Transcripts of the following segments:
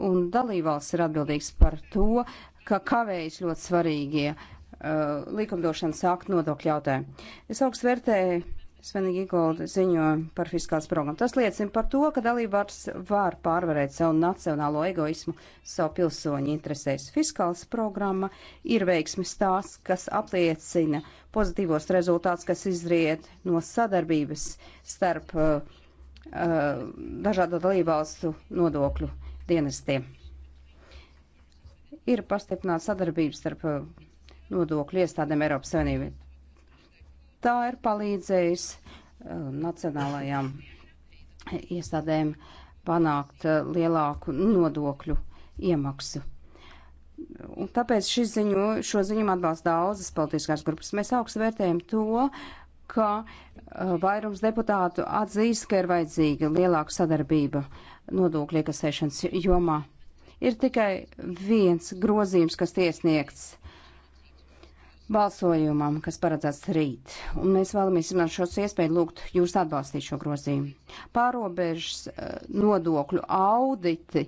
un dalībvalsts ir atbildīgs par to, ka kavējas ļoti svarīgie uh, likumdošanas aktu nodokļu jautājumi. Es augstu vērtēju Svenīgi Igolda ziņojumu par fiskālas programmu. Tas liecina par to, ka dalībvalsts var pārvarēt savu nacionālo egoismu savu pilsoņu interesēs. Fiskālas programma ir veiksmes tās, kas apliecina pozitīvos rezultātus, kas izriet no sadarbības starp uh, uh dažādu dalībvalstu nodokļu dienestiem. Ir pastiprināta sadarbība starp uh, nodokļu iestādēm Eiropas Savienībai. Tā ir palīdzējusi uh, nacionālajām iestādēm panākt uh, lielāku nodokļu iemaksu. Un tāpēc ziņu, šo ziņojumu atbalsta daudzas politiskās grupas. Mēs augstu vērtējam to, ka vairums deputātu atzīst, ka ir vajadzīga lielāka sadarbība nodokļu iekasēšanas jomā. Ir tikai viens grozījums, kas tiesniegts balsojumam, kas paredzēts rīt, un mēs vēlamies izmantot šos iespēju lūgt jūs atbalstīt šo grozījumu. Pārobežas eh, nodokļu auditi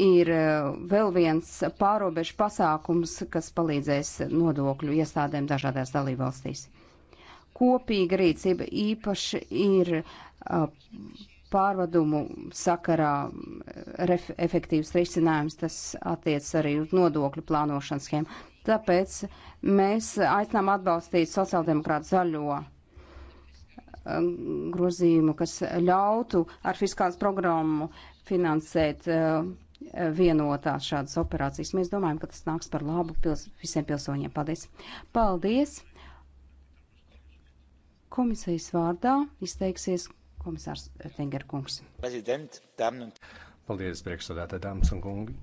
ir eh, vēl viens pārobežu pasākums, kas palīdzēs nodokļu iestādēm dažādās dalībvalstīs. Kopīga rīcība īpaši ir uh, pārvadumu sakarā ref, efektīvs risinājums, tas attiec arī uz nodokļu plānošanas schēmu. Tāpēc mēs aicinām atbalstīt sociāldemokrātu zaļo uh, grozījumu, kas ļautu ar fiskālas programmu finansēt uh, vienotās šādas operācijas. Mēs domājam, ka tas nāks par labu pils, visiem pilsoņiem. Paldies! Paldies! Komisijas vārdā izteiksies komisārs Tinger kungs. Paldies, priekšsādātāji, dāmas un kungi.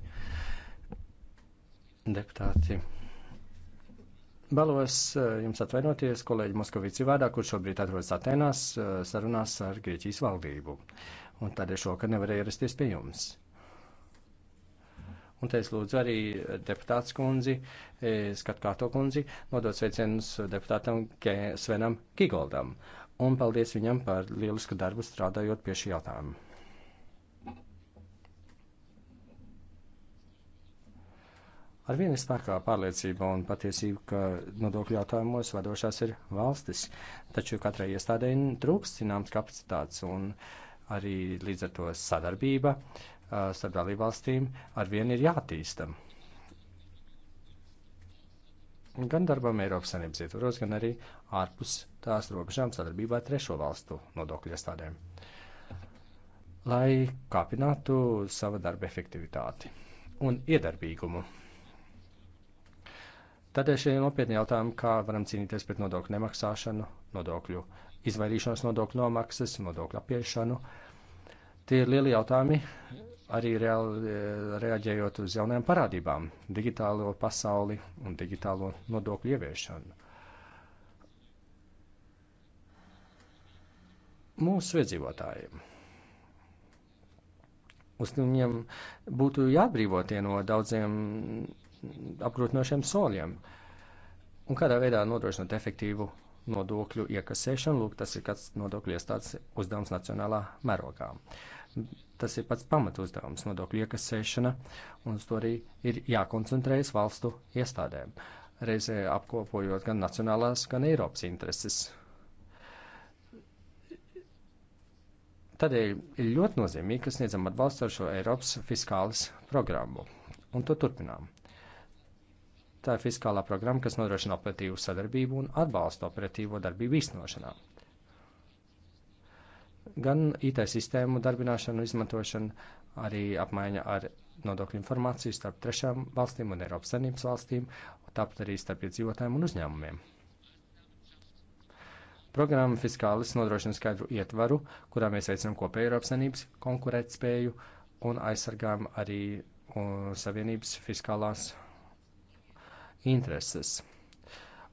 Deputāti. Vēlos eh, jums atvainoties kolēģi Moskavici vārdā, kurš šobrīd atrodas Atenās eh, sarunās ar Grieķijas valdību. Un tādēļ šokar nevarēja ierasties pie jums. Un te es lūdzu arī eh, deputāts kundzi, skatkārto kundzi, nodot sveicienus deputātam K. Svenam Kigoldam. Uh, un paldies viņam par lielisku darbu strādājot pie šī jautājuma. Ar vienu spēkā pārliecība un patiesība, ka nodokļu jautājumos vadošās ir valstis, taču katrai iestādēji trūkst zināms kapacitātes un arī līdz ar to sadarbība starp dalībvalstīm ar vienu ir jātīstam gan darbam Eiropas Savienības ietvaros, gan arī ārpus tās robežām sadarbībā ar trešo valstu nodokļu iestādēm, lai kāpinātu sava darba efektivitāti un iedarbīgumu. Tādēļ šie nopietni jautājumi, kā varam cīnīties pret nodokļu nemaksāšanu, nodokļu izvairīšanos nodokļu nomaksas, nodokļu apiešanu, tie ir lieli jautājumi, arī reāli, e, reaģējot uz jaunajām parādībām, digitālo pasauli un digitālo nodokļu ieviešanu. Mūsu iedzīvotājiem. Uzņēmumiem būtu jāatbrīvotie no daudziem apgrūtinošiem soļiem. Un kādā veidā nodrošināt efektīvu nodokļu iekasēšanu, lūk, tas ir kāds nodokļu iestādes uzdevums nacionālā mērogā. Uh, Tas ir pats pamat uzdevums - nodokļu iekasēšana, un uz to arī ir jākoncentrējas valstu iestādēm, reizē apkopojot gan nacionālās, gan Eiropas intereses. Tādēļ ir ļoti nozīmīgi, ka sniedzam atbalstu ar šo Eiropas fiskālas programmu, un to turpinām. Tā ir fiskālā programma, kas nodrošina operatīvu sadarbību un atbalsta operatīvo darbību īstenošanā gan IT sistēmu darbināšanu, izmantošanu, arī apmaiņa ar nodokļu informāciju starp trešām valstīm un Eiropas Savienības valstīm, tāpat arī starp iedzīvotājiem un uzņēmumiem. Programma Fiskālis nodrošina skaidru ietvaru, kurā mēs veicinām kopēju Eiropas Savienības konkurētspēju un aizsargājam arī Savienības fiskālās intereses.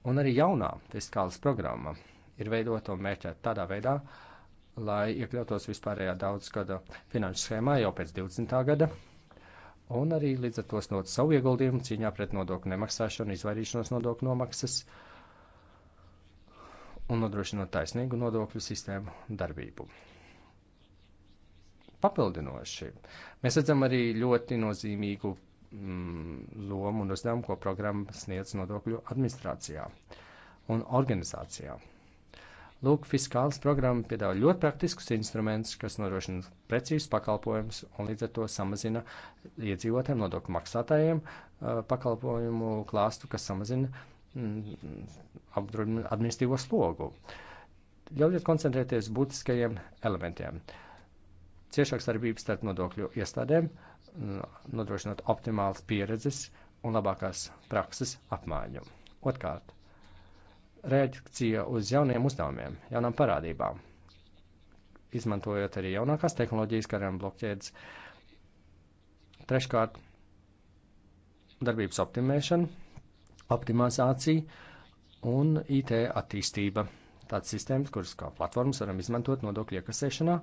Un arī jaunā fiskālas programma ir veidota un mērķēta tādā veidā, uh, lai iekļautos vispārējā daudzgada finanšu schēmā jau pēc 20. gada, un arī līdz ar to snot savu ieguldījumu cīņā pret nodokļu nemaksāšanu, izvairīšanos nodokļu nomaksas un nodrošinot taisnīgu nodokļu sistēmu darbību. Papildinoši, mēs redzam arī ļoti nozīmīgu mm, lomu un uzdevumu, ko programma sniedz nodokļu administrācijā un organizācijā. Lūk, fiskālas programma piedāvā ļoti praktiskus instrumentus, kas nodrošina precīzus pakalpojumus un līdz ar to samazina iedzīvotājiem, nodokļu maksātājiem uh, pakalpojumu klāstu, kas samazina mm, administratīvo slogu. Ļaujiet koncentrēties būtiskajiem elementiem. Ciešāk starpības starp nodokļu iestādēm, mm, nodrošinot optimālas pieredzes un labākās prakses apmaiņu. Otkārt, reakcija uz jauniem uzdevumiem, jaunām parādībām, izmantojot arī jaunākās tehnoloģijas, kā arī blokķēdes. Treškārt, darbības optimēšana, optimizācija un IT attīstība. Tādas sistēmas, kuras kā platformas varam izmantot nodokļu iekasēšanā,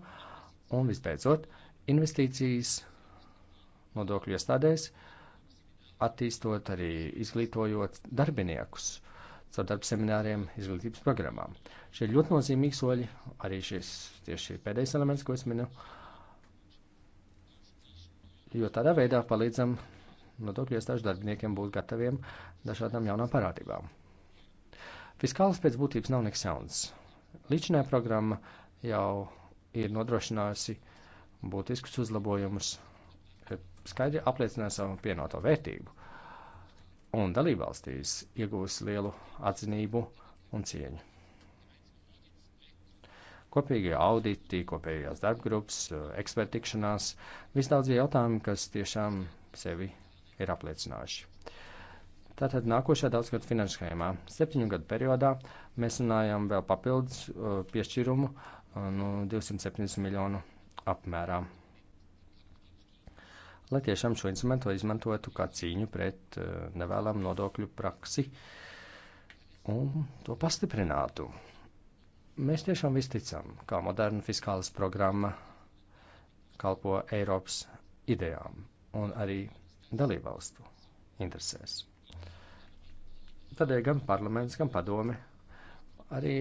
un visbeidzot, investīcijas nodokļu iestādēs, attīstot arī izglītojot darbiniekus caur darba semināriem, izglītības programmām. Šie ir ļoti nozīmīgi soļi, arī šis tieši pēdējais elements, ko es minu, jo tādā veidā palīdzam nodokļu iestāžu darbiniekiem būt gataviem dažādām jaunām parādībām. Fiskāls pēc būtības nav nekas jauns. Līdzinājā programma jau ir nodrošinājusi būtiskus uzlabojumus, skaidri apliecināja savu pienoto vērtību un dalībvalstīs iegūs lielu atzinību un cieņu. Kopīgie auditi, kopējās darbgrupas, ekspertikšanās, visdaudz jautājumi, kas tiešām sevi ir apliecinājuši. Tātad nākošā daudzgadu finanšu schēmā, septiņu gadu periodā, mēs runājam vēl papildus piešķirumu no 270 miljonu apmērām lai tiešām šo instrumentu izmantotu kā cīņu pret eh, nevēlamu nodokļu praksi un to pastiprinātu. Mēs tiešām visticam, kā moderna fiskālas programma kalpo Eiropas idejām un arī dalībvalstu interesēs. Tādēļ gan parlaments, gan padome, arī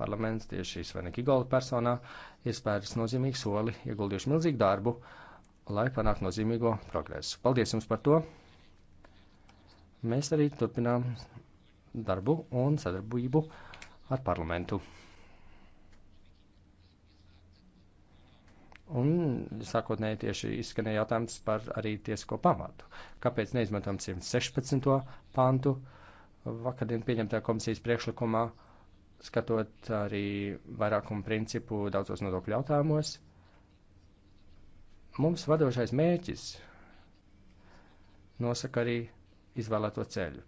parlaments tieši Svenika Igola personā ir spēris nozīmīgu soli, ieguldījuši milzīgu darbu, uh, lai panāktu nozīmīgo progresu. Paldies jums par to! Mēs arī turpinām darbu un sadarbību ar parlamentu. Un sākotnēji tieši izskanēja jautājums par arī tiesisko pamatu. Kāpēc neizmantojam 116. pantu vakardien pieņemtā komisijas priekšlikumā, skatot arī vairākumu principu daudzos nodokļu jautājumos? Uh, Mums vadošais mērķis nosaka arī izvēlēto ceļu.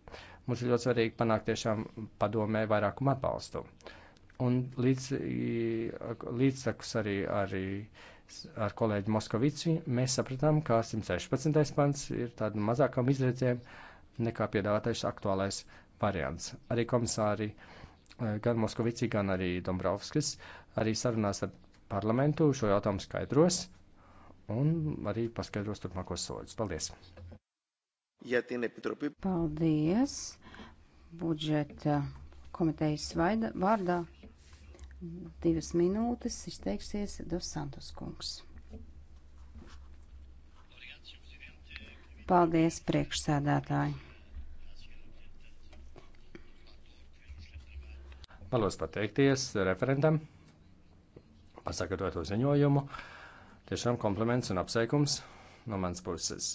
Mums ir ļoti svarīgi panākt tiešām padomē vairākumu atbalstu. Un līdz, līdzsakus arī, arī ar kolēģi Moskovici mēs sapratām, ka 116. pants ir tāda mazākam izredzēm nekā piedāvātais aktuālais variants. Arī komisāri eh, gan Moskovici, gan arī Dombrovskis arī sarunās ar parlamentu šo jautājumu skaidros, un arī paskaidros turpmākos soļus. Paldies! Ja nepitropi... Paldies! Budžeta komitejas vaida, vārdā divas minūtes izteiksies Dos Santos kungs. Paldies, priekšsēdētāji! Vēlos pateikties referentam par sagatavotu ziņojumu. Uh, Tiešām kompliments un apsveikums no manas puses.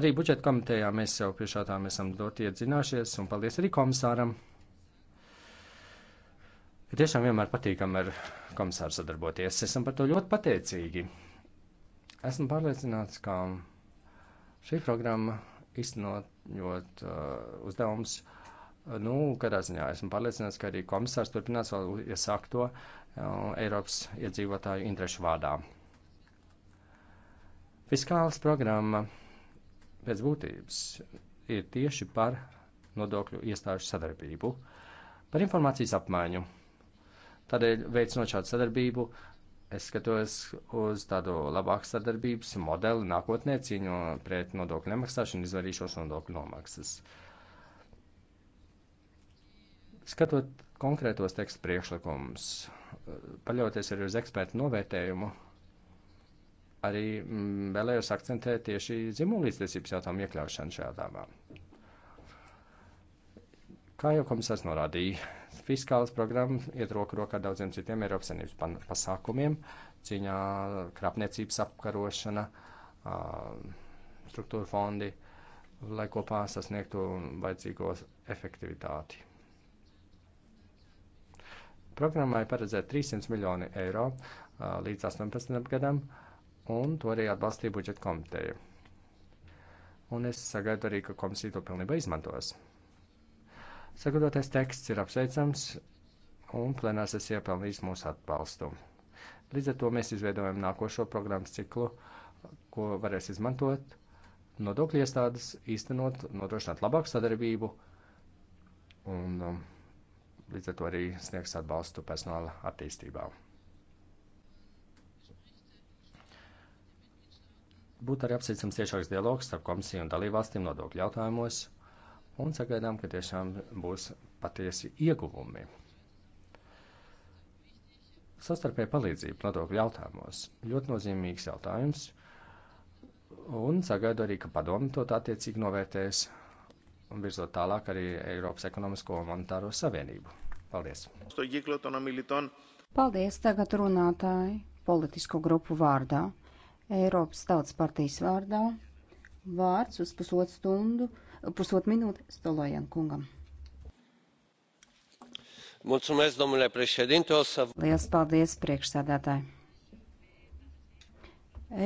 Arī budžeta komitejā mēs jau pie šā tām esam ļoti iedzināšies, un paldies arī komisāram. Ir tiešām vienmēr patīkami ar komisāru sadarboties. Esam par to ļoti pateicīgi. Esmu pārliecināts, ka šī programma, iznot uh, uzdevumus, uh, Nu, kādā ziņā esmu pārliecināts, ka arī komisārs turpinās vēl iesākt to uh, Eiropas iedzīvotāju interešu vārdā. Fiskālas programma pēc būtības ir tieši par nodokļu iestāžu sadarbību, par informācijas apmaiņu. Tādēļ, veicinot šādu sadarbību, es skatos uz tādu labāku sadarbības modeli nākotnē, cīņo pret nodokļu nemaksāšanu, izvairīšos nodokļu nomaksas. Uh, Skatot konkrētos tekstu priekšlikumus, paļauties arī uz ekspertu novērtējumu, arī mm, vēlējos akcentēt tieši dzimumlīdztiesības jautājumu iekļaušanu šajā dāvā. Kā jau komisārs norādīja, fiskālas programmas iet roku rokā daudziem citiem Eiropas Savienības pasākumiem, cīņā krāpniecības apkarošana, struktūra fondi, lai kopā sasniegtu vajadzīgos efektivitāti. Programmai paredzēt 300 miljoni eiro līdz 18 gadam, un to arī atbalstīja budžeta komiteja. Un es sagaidu arī, ka komisija to pilnībā izmantos. Sagatavotais teksts ir apsveicams, un plenārs ir iepelnījis mūsu atbalstu. Līdz ar to mēs izveidojam nākošo programmas ciklu, ko varēs izmantot nodokļu iestādes, īstenot, nodrošināt labāku sadarbību un um, līdz ar to arī sniegs atbalstu personāla attīstībā. Būtu arī apsveicams tiešāks dialogs starp komisiju un dalībvalstīm nodokļu jautājumos, un sagaidām, ka tiešām būs patiesi ieguvumi. Sastarpēja palīdzība nodokļu jautājumos - ļoti nozīmīgs jautājums, un sagaidu arī, ka padomi to attiecīgi novērtēs un virzot tālāk arī Eiropas ekonomisko un monetāro savienību. Paldies! Paldies tagad runātāji politisko grupu vārdā, Eiropas tautas partijas vārdā. Vārds uz pusotru stundu, pusotru minūti Stolojan kungam. Mulțumesc, domnule președinte, o să... Liels paldies, priekšsādātāji!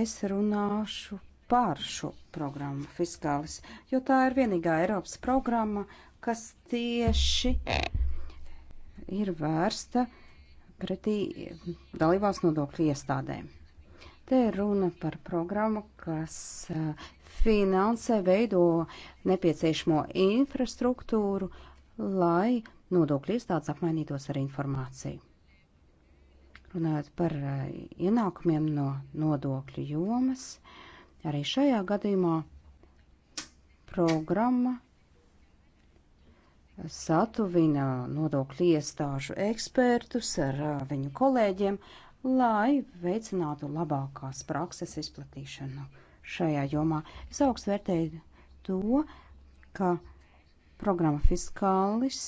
Es runāšu pār šo programmu fiskālis, jo tā ir vienīgā Eiropas programma, kas tieši ir vērsta pretī dalībās nodokļu iestādēm. Te ir runa par programmu, kas eh, finansē veido nepieciešamo infrastruktūru, lai nodokļu iestādes apmainītos ar informāciju. Runājot par eh, ienākumiem no nodokļu jomas, uh, Arī šajā gadījumā programma satuvina nodokļu iestāžu ekspertus ar viņu kolēģiem, lai veicinātu labākās prakses izplatīšanu šajā jomā. Es augstu vērtēju to, ka programma Fiskālis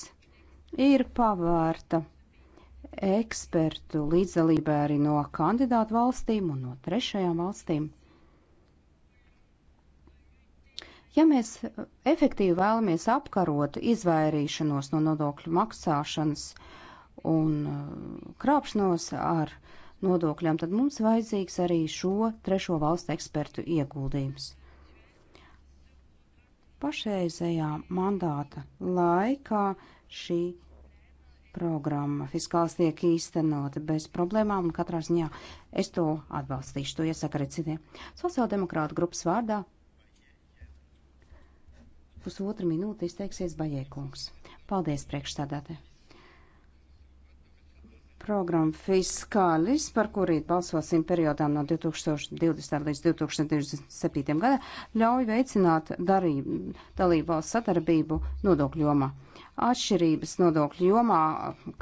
ir pavērta ekspertu līdzdalībai arī no kandidātu valstīm un no trešajām valstīm. Ja mēs e, efektīvi vēlamies apkarot izvairīšanos no nodokļu maksāšanas un e, krāpšanos ar nodokļiem, tad mums vajadzīgs arī šo trešo valstu ekspertu ieguldījums. Pašreizējā mandāta laikā šī programma fiskāls tiek īstenota bez problēmām, un katrā ziņā es to atbalstīšu, to iesaku arī citiem. Sociāldemokrāta grupas vārdā Pusotra minūte izteiksies Bajēkungs. Paldies, priekšstādāte. Programma Fiskālis, par kuru rīt balsosim periodām no 2020. līdz 2027. gada, ļauj veicināt darību, dalību valsts sadarbību nodokļu jomā atšķirības nodokļu jomā,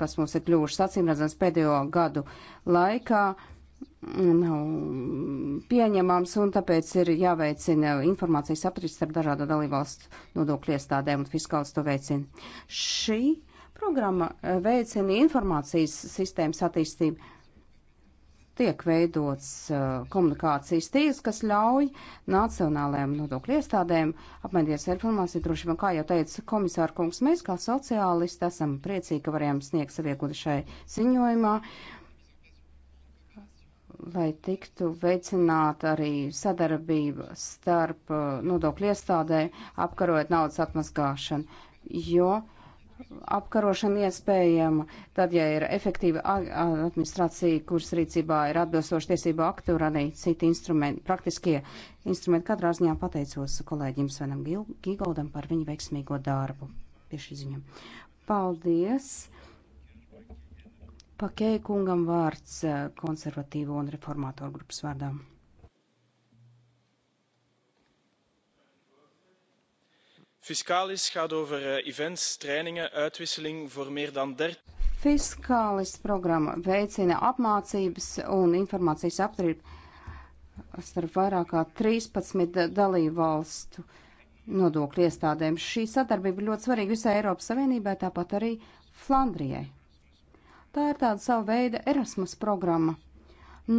kas mums ir kļuvušas acīmredzams pēdējo gadu laikā, nav pieņemams, un tāpēc ir jāveicina informācijas aprits starp dažādu dalībvalstu nodokļu iestādēm, un fiskāls to veicina. Šī programma veicina informācijas sistēmas attīstību. Tiek veidots uh, komunikācijas tīrs, kas ļauj nacionālajām nodokļu iestādēm apmainīties ar informāciju drošībā. Kā jau teica komisāra kungs, mēs kā sociālisti esam priecīgi, ka varējām sniegt saviegli šai ziņojumā. Uh, lai tiktu veicināta arī sadarbība starp uh, nodokļu iestādē, apkarojot naudas atmazgāšanu, jo apkarošana iespējama tad, ja ir efektīva administrācija, kuras rīcībā ir atbilstoši tiesību aktu un arī citi instrumenti, praktiskie instrumenti. Katrā ziņā pateicos kolēģim Svenam Gigoldam par viņu veiksmīgo darbu pie šī ziņa. Paldies! Pakei kungam vārds eh, konservatīvo un reformātoru grupas vārdā. Fiscalis gaat over eh, events, trainingen, uitwisseling voor meer dan 30. Fiskālis programma veicina apmācības un informācijas aptrību starp vairāk kā 13 dalību valstu nodokļu iestādēm. Šī sadarbība ļoti svarīga visai Eiropas Savienībai, tāpat arī Flandrijai. Tā ir tāda sava veida Erasmus programma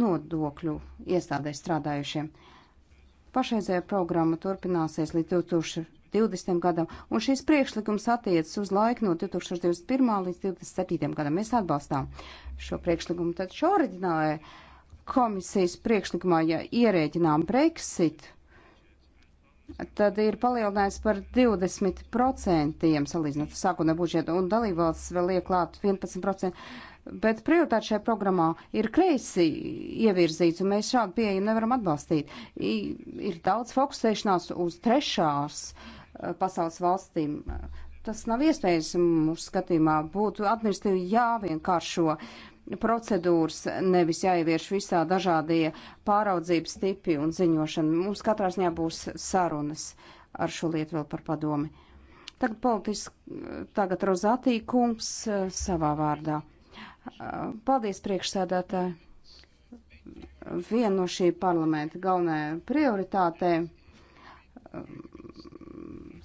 nodokļu iestādē strādājušiem. Pašreizējā programma turpināsies līdz 2020. gadam, un šis priekšlikums attiecas uz laiku no 2021. līdz 2027. gadam. Mēs atbalstām šo priekšlikumu. Tad šo oriģinālajā komisijas priekšlikumā, ja ierēķinām Brexit, uh, tad ir palielinājis par 20% salīdzinot sākotnējo budžetu, un dalībvalsts vēl liek klāt 11%. Bet prioritāte šajā programmā ir kreisi ievirzīts, un mēs šādu pieeju nevaram atbalstīt. Ir daudz fokusēšanās uz trešās eh, pasaules valstīm. Tas nav iespējams mūsu skatījumā. Būtu administratīvi jāvienkāršo. Uh, procedūras, nevis jāievieš visā dažādie pāraudzības tipi un ziņošana. Mums katrā ziņā būs sarunas ar šo lietu vēl par padomi. Tagad politiski, tagad Rozatī kungs eh, savā vārdā. Eh, paldies priekšsēdētāji. Viena no šī parlamenta galvenajām prioritātēm eh,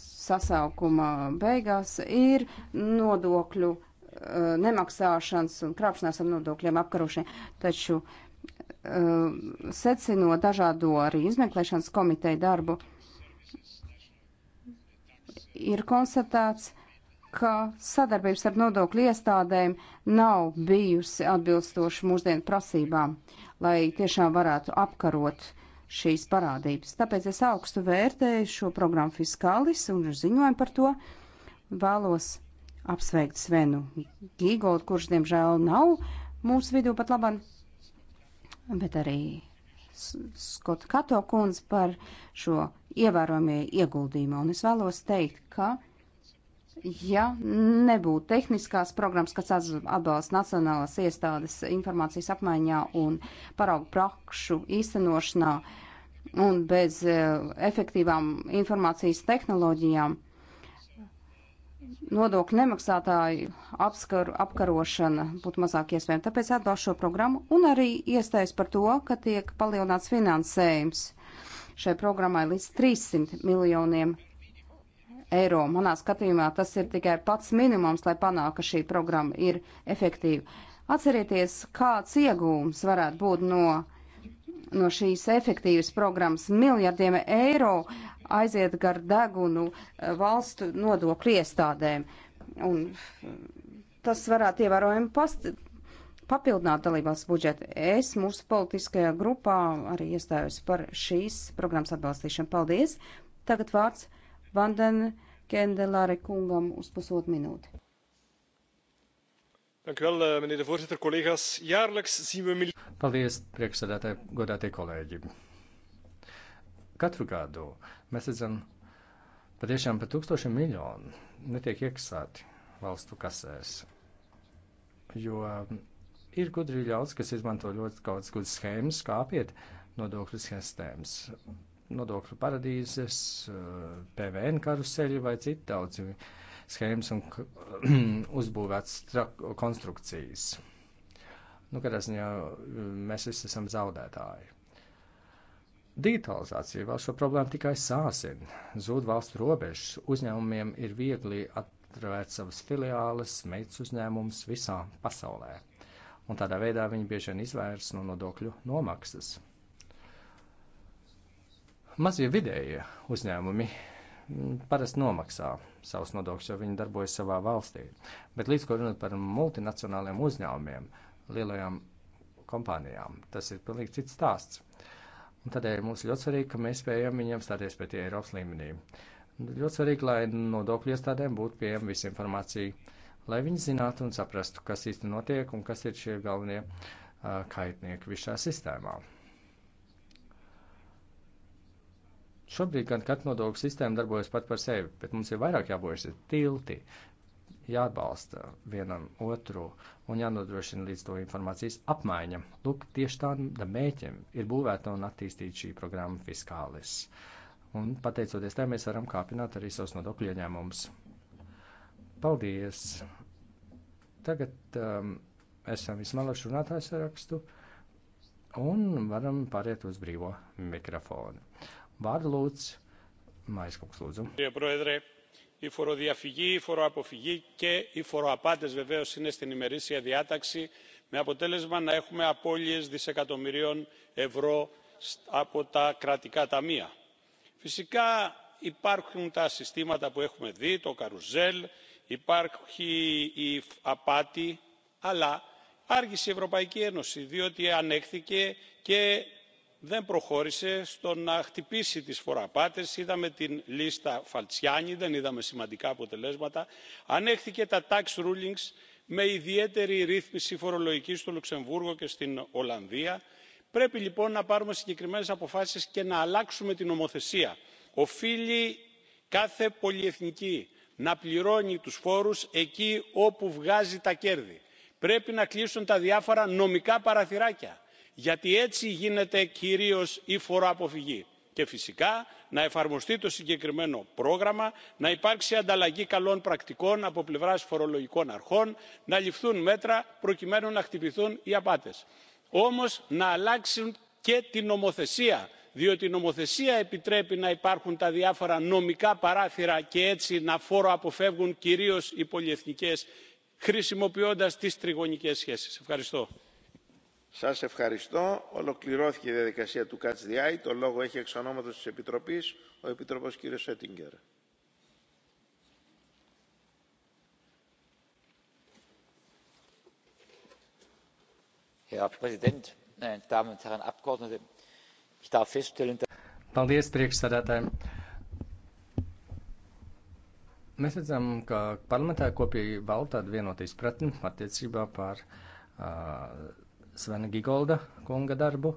sasaukuma beigās ir nodokļu Uh, nemaksāšanas un krāpšanās ar nodokļiem apkarošana. Taču uh, secinot dažādo arī izmeklēšanas komiteju darbu, ir konstatēts, ka sadarbības ar nodokļu iestādēm nav bijusi atbilstoša mūsdienu prasībām, lai tiešām varētu apkarot šīs parādības. Tāpēc es augstu vērtēju šo programmu Fiskālis un ziņojumu par to. Vēlos apsveikt Svenu Gīgoldu, kurš, diemžēl, nav mūsu vidū pat laban, bet arī Skota Kato kundze par šo ievērojamie ieguldījumu. Un es vēlos teikt, ka, ja nebūtu tehniskās programmas, kas atbalsta nacionālās iestādes informācijas apmaiņā un paraugu prakšu īstenošanā, un bez eh, efektīvām informācijas tehnoloģijām, nodokļu nemaksātāju apskaru, apkarošana būtu mazāk iespējama. Tāpēc atbalstu šo programmu un arī iestājas par to, ka tiek palielināts finansējums šai programmai līdz 300 miljoniem eiro. Manā skatījumā tas ir tikai pats minimums, lai panāk, ka šī programma ir efektīva. Atcerieties, kāds iegūms varētu būt no no šīs efektīvas programmas miljardiem eiro aiziet gar degunu eh, valstu nodokļu iestādēm. Un tas varētu ievērojami past, papildināt dalībās budžetu. Es mūsu politiskajā grupā arī iestājos par šīs programmas atbalstīšanu. Paldies! Tagad vārds Vanden Kendelāre kungam uz pusotru minūti. Eh, voorzitter collega's jaarlijks zien we miljoenen. Paldies, priekšsēdētāji, godātie kolēģi. Katru gadu mēs redzam patiešām pat tūkstošiem miljonu netiek iekasēti valstu kasēs. Jo mm, ir gudri ļauts, kas izmanto ļoti kaut kādas gudras schēmas, kā apiet nodokļu sistēmas, nodokļu paradīzes, eh, PVN karuseļi vai citi daudzi. Uh, schēmas un uzbūvētas konstrukcijas. Nu, kādā ziņā mēs visi esam zaudētāji. Digitalizācija vēl šo problēmu tikai sāsina. Zūd valstu robežas, uzņēmumiem ir viegli atvērt savas filiāles, meitas uzņēmumus visā pasaulē. Un tādā veidā viņi bieži vien izvairs no nodokļu nomaksas. Mazie vidējie uzņēmumi parasti nomaksā savus nodokļus, jo viņi darbojas savā valstī. Bet līdz ko runāt par multinacionāliem uzņēmumiem, lielajām kompānijām, tas ir pilnīgi cits stāsts. Un tādēļ mums ļoti svarīgi, ka mēs spējam viņiem stāties pie tie Eiropas līmenī. Ļoti svarīgi, lai nodokļu iestādēm būtu pieejama visa informācija, lai viņi zinātu un saprastu, kas īsti notiek un kas ir šie galvenie uh, kaitnieki visā sistēmā. Šobrīd gan katra nodokļu sistēma darbojas pat par sevi, bet mums ir vairāk jābojas tilti, jāatbalsta vienam otru un jānodrošina līdz to informācijas apmaiņa. Lūk, tieši tādam mēķim ir būvēta un attīstīta šī programma Fiskālis. Un pateicoties tam, mēs varam kāpināt arī savus nodokļu ieņēmumus. Paldies! Tagad um, esam izsmalējuši runātājs rakstu un varam pāriet uz brīvo mikrofonu. Vārdu lūdz Maiskungs lūdzu. Η φοροδιαφυγή, η φοροαποφυγή και οι φοροαπάτες βεβαίως είναι στην ημερήσια διάταξη με αποτέλεσμα να έχουμε απώλειες δισεκατομμυρίων ευρώ από τα κρατικά ταμεία. Φυσικά υπάρχουν τα συστήματα που έχουμε δει, το καρουζέλ, υπάρχει η απάτη, αλλά άργησε η Ευρωπαϊκή Ένωση διότι ανέχθηκε και δεν προχώρησε στο να χτυπήσει τις φοροαπάτες είδαμε την λίστα φαλτσιάνι δεν είδαμε σημαντικά αποτελέσματα ανέχθηκε τα tax rulings με ιδιαίτερη ρύθμιση φορολογική στο λουξεμβούργο και στην ολλανδία. πρέπει λοιπόν να πάρουμε συγκεκριμένες αποφάσεις και να αλλάξουμε την νομοθεσία. οφείλει κάθε πολυεθνική να πληρώνει τους φόρους εκεί όπου βγάζει τα κέρδη. πρέπει να κλείσουν τα διάφορα νομικά παραθυράκια γιατί έτσι γίνεται κυρίως η φοροαποφυγή και φυσικά να εφαρμοστεί το συγκεκριμένο πρόγραμμα να υπάρξει ανταλλαγή καλών πρακτικών από πλευράς φορολογικών αρχών να ληφθούν μέτρα προκειμένου να χτυπηθούν οι απάτες. όμως να αλλάξουν και την νομοθεσία διότι η νομοθεσία επιτρέπει να υπάρχουν τα διάφορα νομικά παράθυρα και έτσι να φοροαποφεύγουν κυρίως οι πολυεθνικές χρησιμοποιώντας τις τριγωνικές σχέσεις. ευχαριστώ. Σας ευχαριστώ. Ολοκληρώθηκε η διαδικασία του Catch the Eye. Το λόγο έχει εξ ονόματος της Επιτροπής ο Επίτροπος κ. Σέτιγκερ. Herr Präsident, meine Damen und Herren Abgeordnete! Ich darf feststellen, dass Paldies, priekšsēdētāji! Mēs redzam, ka parlamentā kopīgi valda tāda vienotības pratne attiecībā par uh, Svena Gigolda kunga darbu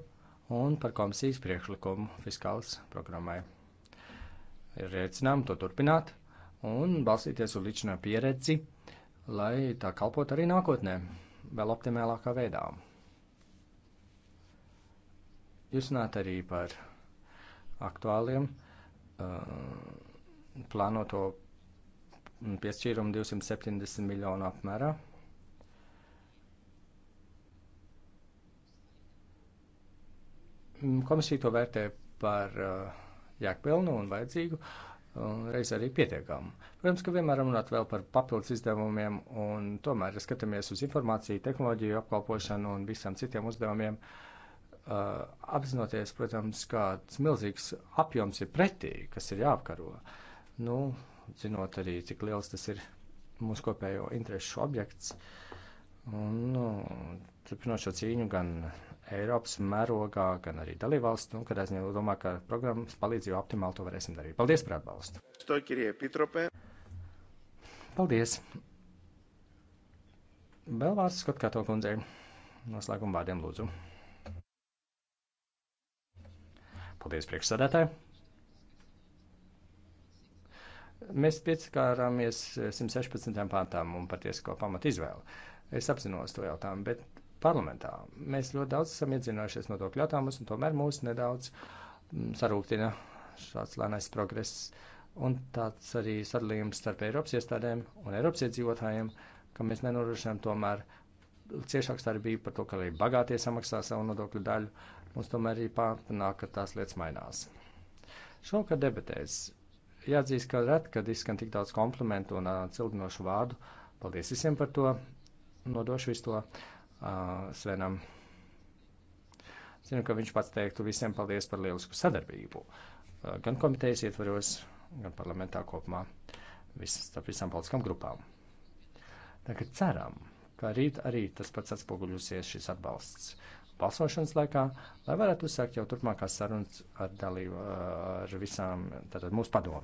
un par komisijas priekšlikumu fiskālas programmai. Ir aicinām to turpināt un balstīties uz līdzinājo pieredzi, lai tā kalpot arī nākotnē, vēl optimālākā veidā. Jūs runājat arī par aktuāliem uh, plānoto piešķīrumu 270 miljonu apmērā Mm, komisija to vērtē par uh, jēgpilnu un vajadzīgu, un reiz arī pietiekamu. Protams, ka vienmēr runāt vēl par papildus izdevumiem, un tomēr, ja skatāmies uz informāciju, tehnoloģiju apkalpošanu un visam citiem uzdevumiem, uh, apzinoties, protams, kāds milzīgs apjoms ir pretī, kas ir jāapkaro. Nu, zinot arī, cik liels tas ir mūsu kopējo interesu objekts. Un, nu, turpinot šo cīņu gan Eiropas mērogā, gan arī dalībvalstu, un nu, kad es domāju, ka programmas palīdzību optimāli to varēsim darīt. Paldies par atbalstu! Paldies! Vēl vārds skat kā to kundzei. Noslēguma vārdiem lūdzu. Paldies priekšsādātāji! Mēs pieskārāmies 116. pāntām un par tiesisko pamatu izvēlu. Es apzinos to jautājumu, bet parlamentā. Mēs ļoti daudz esam iedzinājušies no to kļūtāmus, un tomēr mūs nedaudz mm, sarūktina šāds lēnais progress un tāds arī sadalījums starp Eiropas iestādēm un Eiropas iedzīvotājiem, ka mēs nenorošinām tomēr ciešāk starpību par to, ka arī bagātie samaksā savu nodokļu daļu. Mums tomēr ir pārpanāk, ka tās lietas mainās. Šonka debatēs jāatzīst, ka ret, kad izskan tik daudz komplimentu un uh, cildinošu vārdu, paldies visiem par to, nodošu visu to. Ah, Svenam. Zinu, ka viņš pats teiktu visiem paldies par lielisku sadarbību. Ah, gan komitejas ietvaros, gan parlamentā kopumā. Visas, starp visām politiskām grupām. Tagad ceram, ka rīt arī tas pats atspoguļosies šis atbalsts balsošanas laikā, lai varētu uzsākt jau turpmākās sarunas ar dalību ar visām, tātad mūsu padomu.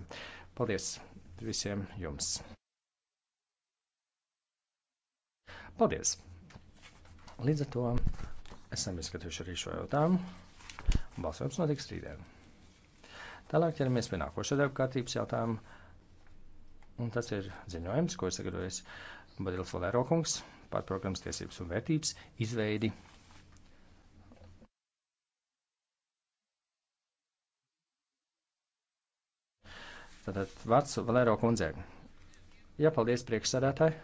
Paldies visiem jums! Paldies! Līdz ar to esam izskatījuši arī šo jautājumu. Balsojums notiks rītdien. Tālāk ķeramies pie nākošā darba kārtības jautājuma. Un tas ir ziņojums, ko ir sagatavojis Badils Valēro kungs par programmas tiesības un vērtības izveidi Tātad vārds Valēro kundzei. Jā, paldies priekšsēdētāji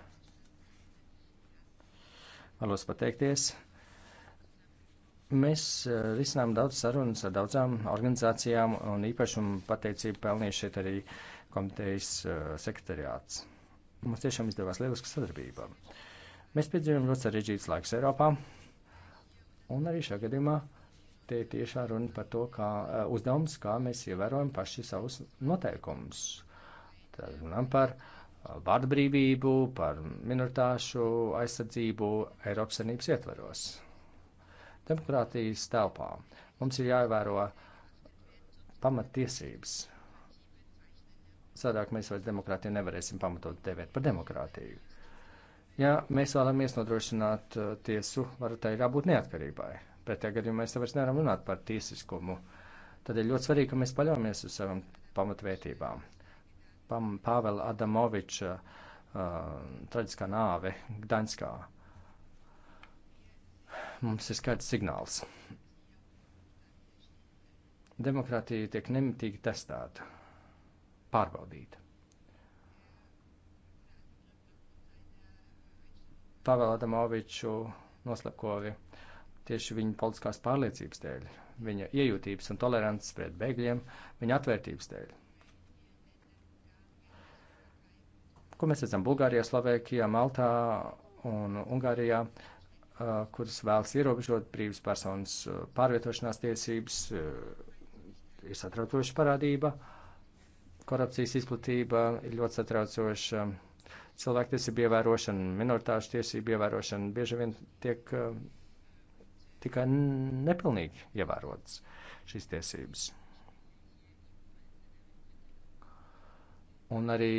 vēlos pateikties. Mēs eh, risinām daudz sarunas ar daudzām organizācijām un īpašumu pateicību pelnīja šeit arī komitejas eh, sekretariāts. Mums tiešām izdevās lieliska sadarbība. Mēs piedzīvojam ļoti sarežģītas laiks Eiropā, un arī šajā gadījumā te ir tiešā runa par to, kā eh, uzdevums, kā mēs ievērojam paši savus noteikumus. Tad runām par uh, vārdbrīvību, par minoritāšu aizsardzību Eiropas Savienības ietvaros. Demokrātijas telpā mums ir jāievēro pamatiesības. Sadāk mēs vairs demokrātiju nevarēsim pamatot devēt par demokrātiju. Ja mēs vēlamies nodrošināt uh, tiesu, varu tai jābūt neatkarībai. Pretējā gadījumā mēs vairs nevaram runāt par tiesiskumu. Tad ir ļoti svarīgi, ka mēs paļaujamies uz savām pamatvērtībām. Pāvela Adamoviča uh, eh, traģiskā nāve Gdaņskā. Mums ir skaidrs signāls. Demokrātija tiek nemitīgi testēta, pārbaudīta. Pāvela Adamoviču noslepkovi tieši viņa politiskās pārliecības dēļ, viņa iejūtības un tolerants pret bēgļiem, viņa atvērtības dēļ. ko mēs redzam Bulgārijā, Slovēkijā, Maltā un Ungārijā, kuras vēlas ierobežot brīvas personas pārvietošanās tiesības, ir satraucoša parādība, korupcijas izplatība ir ļoti satraucoša, cilvēktiesība ievērošana, minoritāšu tiesību ievērošana bieži vien tiek tikai nepilnīgi ievērotas šīs tiesības. un arī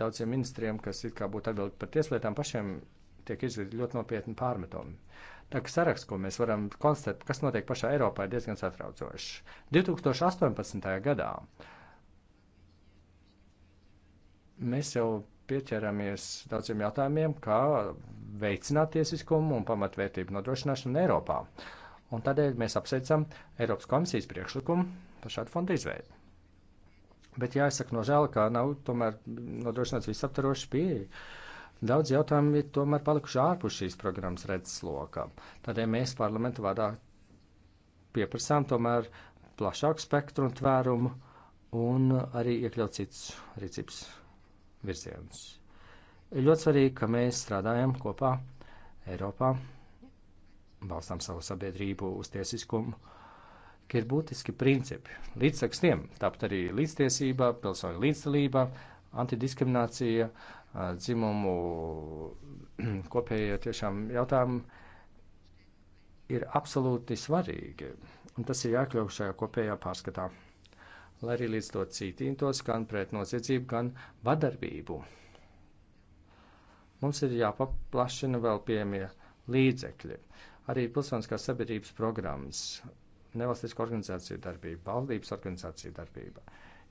daudziem ministriem, kas it kā būtu atbildīgi par tieslietām, pašiem tiek izvirzīti ļoti nopietni pārmetumi. Tā kā saraksts, ko mēs varam konstatēt, kas notiek pašā Eiropā, ir diezgan satraucošs. 2018. gadā mēs jau pieķeramies daudziem jautājumiem, kā veicināt tiesiskumu un pamatvērtību nodrošināšanu Eiropā. Un tādēļ mēs apsveicam Eiropas komisijas priekšlikumu par šādu fondu izveidu. Bet jāsaka, nožēla, ka nav tomēr nodrošināts visaptarošs pieeja. Daudz jautājumu ir tomēr palikuši ārpus šīs programmas redzeslokā. Tādēļ mēs parlamentu vārdā pieprasām tomēr plašāku spektru un tvērumu un arī iekļaut cits rīcības virzienus. Ir ļoti svarīgi, ka mēs strādājam kopā Eiropā, balstām savu sabiedrību uz tiesiskumu ka ir būtiski principi. Līdzsaks tiem tāpat arī līdztiesība, pilsoņu līdzdalība, antidiskriminācija, dzimumu kopējie tiešām jautājumi ir absolūti svarīgi. Un tas ir jākļauj šajā kopējā pārskatā, lai arī līdz to cītītos gan pret noziedzību, gan vadarbību. Mums ir jāpaplašina vēl piemie līdzekļi, arī pilsoniskās sabiedrības programmas, nevalstisko organizāciju darbība, valdības organizāciju darbība.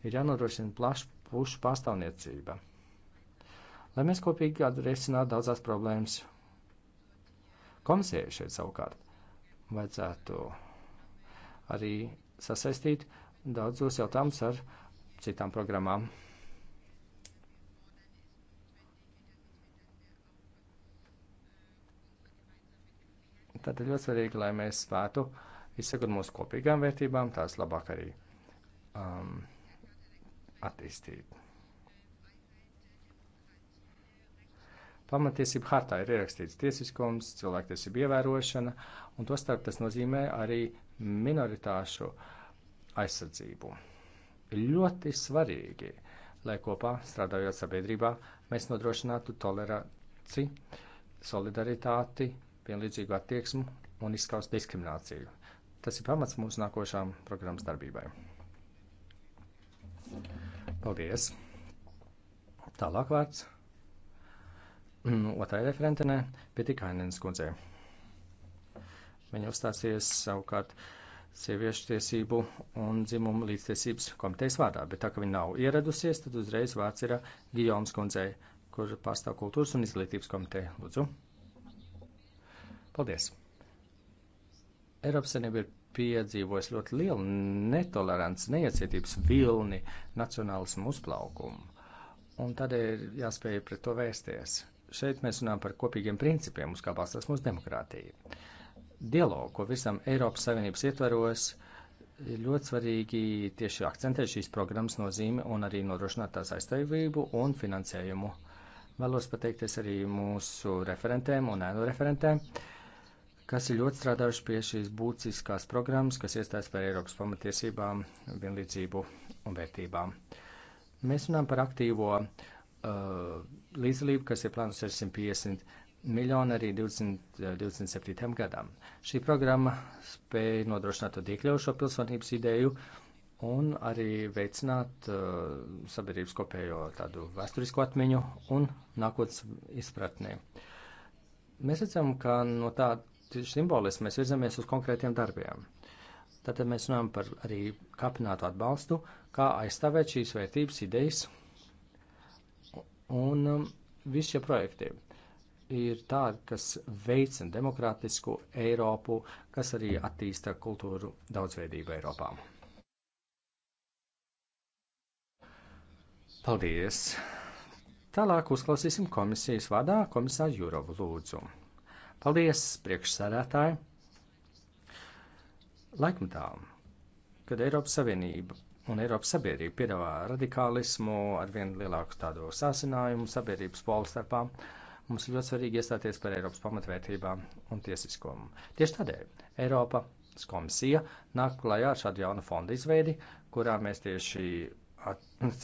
Ir jānodrošina plaša pušu pastāvniecība, lai mēs kopīgi atrisinātu daudzās problēmas. Komisijai šeit savukārt vajadzētu arī sasaistīt daudzos jautājumus ar citām programmām. Tātad ļoti svarīgi, lai mēs spētu uh, izsakot mūsu kopīgām vērtībām, tās labāk arī um, attīstīt. Pamatiesība hartā ir ierakstīts tiesiskums, cilvēktiesība ievērošana, un tostarp tas nozīmē arī minoritāšu aizsardzību. Ļoti svarīgi, lai kopā strādājot sabiedrībā, mēs nodrošinātu toleranci, solidaritāti, vienlīdzīgu attieksmu un izskaust diskrimināciju. Tas ir pamats mūsu nākošām programmas darbībai. Paldies! Tālāk vārds. Mm, Otrai referentenē Pietikainens kundzei. Viņa uzstāsies savukārt sieviešu tiesību un dzimumu līdztiesības komitejas vārdā, bet tā kā viņa nav ieradusies, tad uzreiz vārds ir uh, Gijoms kundzei, kur pārstāv kultūras un izglītības komiteja. Lūdzu. Paldies! Eiropas Savienība ir piedzīvojis ļoti lielu netolerants, neiecietības vilni nacionālismu uzplaukumu. Un tādēļ ir jāspēj pret to vērsties. Šeit mēs runājam par kopīgiem principiem, uz kā balstās mūsu demokrātija. Dialogu, ko visam Eiropas Savienības ietvaros, ir ļoti svarīgi tieši akcentēt šīs programmas nozīmi un arī nodrošināt tās aizstāvību un finansējumu. Vēlos pateikties arī mūsu referentēm un ēnu referentēm. Uh, kas ir ļoti strādājuši pie šīs būtiskās programmas, kas iestājas par Eiropas pamatiesībām, vienlīdzību un vērtībām. Mēs runājam par aktīvo uh, līdzdalību, kas ir plānots 650 miljonu arī 2027. Uh, gadam. Šī programma spēja nodrošināt to iekļaujošo pilsonības ideju un arī veicināt uh, sabiedrības kopējo tādu vēsturisko atmiņu un nākotnes izpratnē. Mēs redzam, ka no tāda simboliski mēs virzamies uz konkrētiem darbiem. Tātad mēs runājam par arī kapinātu atbalstu, kā aizstāvēt šīs vērtības, idejas. Un um, visi šie projekti ir tādi, kas veicina demokrātisku Eiropu, kas arī attīsta kultūru daudzveidību Eiropā. Paldies! Tālāk uzklausīsim komisijas vadā komisāru Jurovu lūdzu. Paldies, priekšsēdētāji! Laikmetā, kad Eiropas Savienība un Eiropas sabiedrība piedāvā radikālismu ar vien lielāku tādu sāsinājumu sabiedrības polu starpā, mums ir ļoti svarīgi iestāties par Eiropas pamatvērtībām un tiesiskumu. Tieši tādēļ Eiropas komisija nāk klajā ar šādu jaunu fondu izveidi, kurā mēs tieši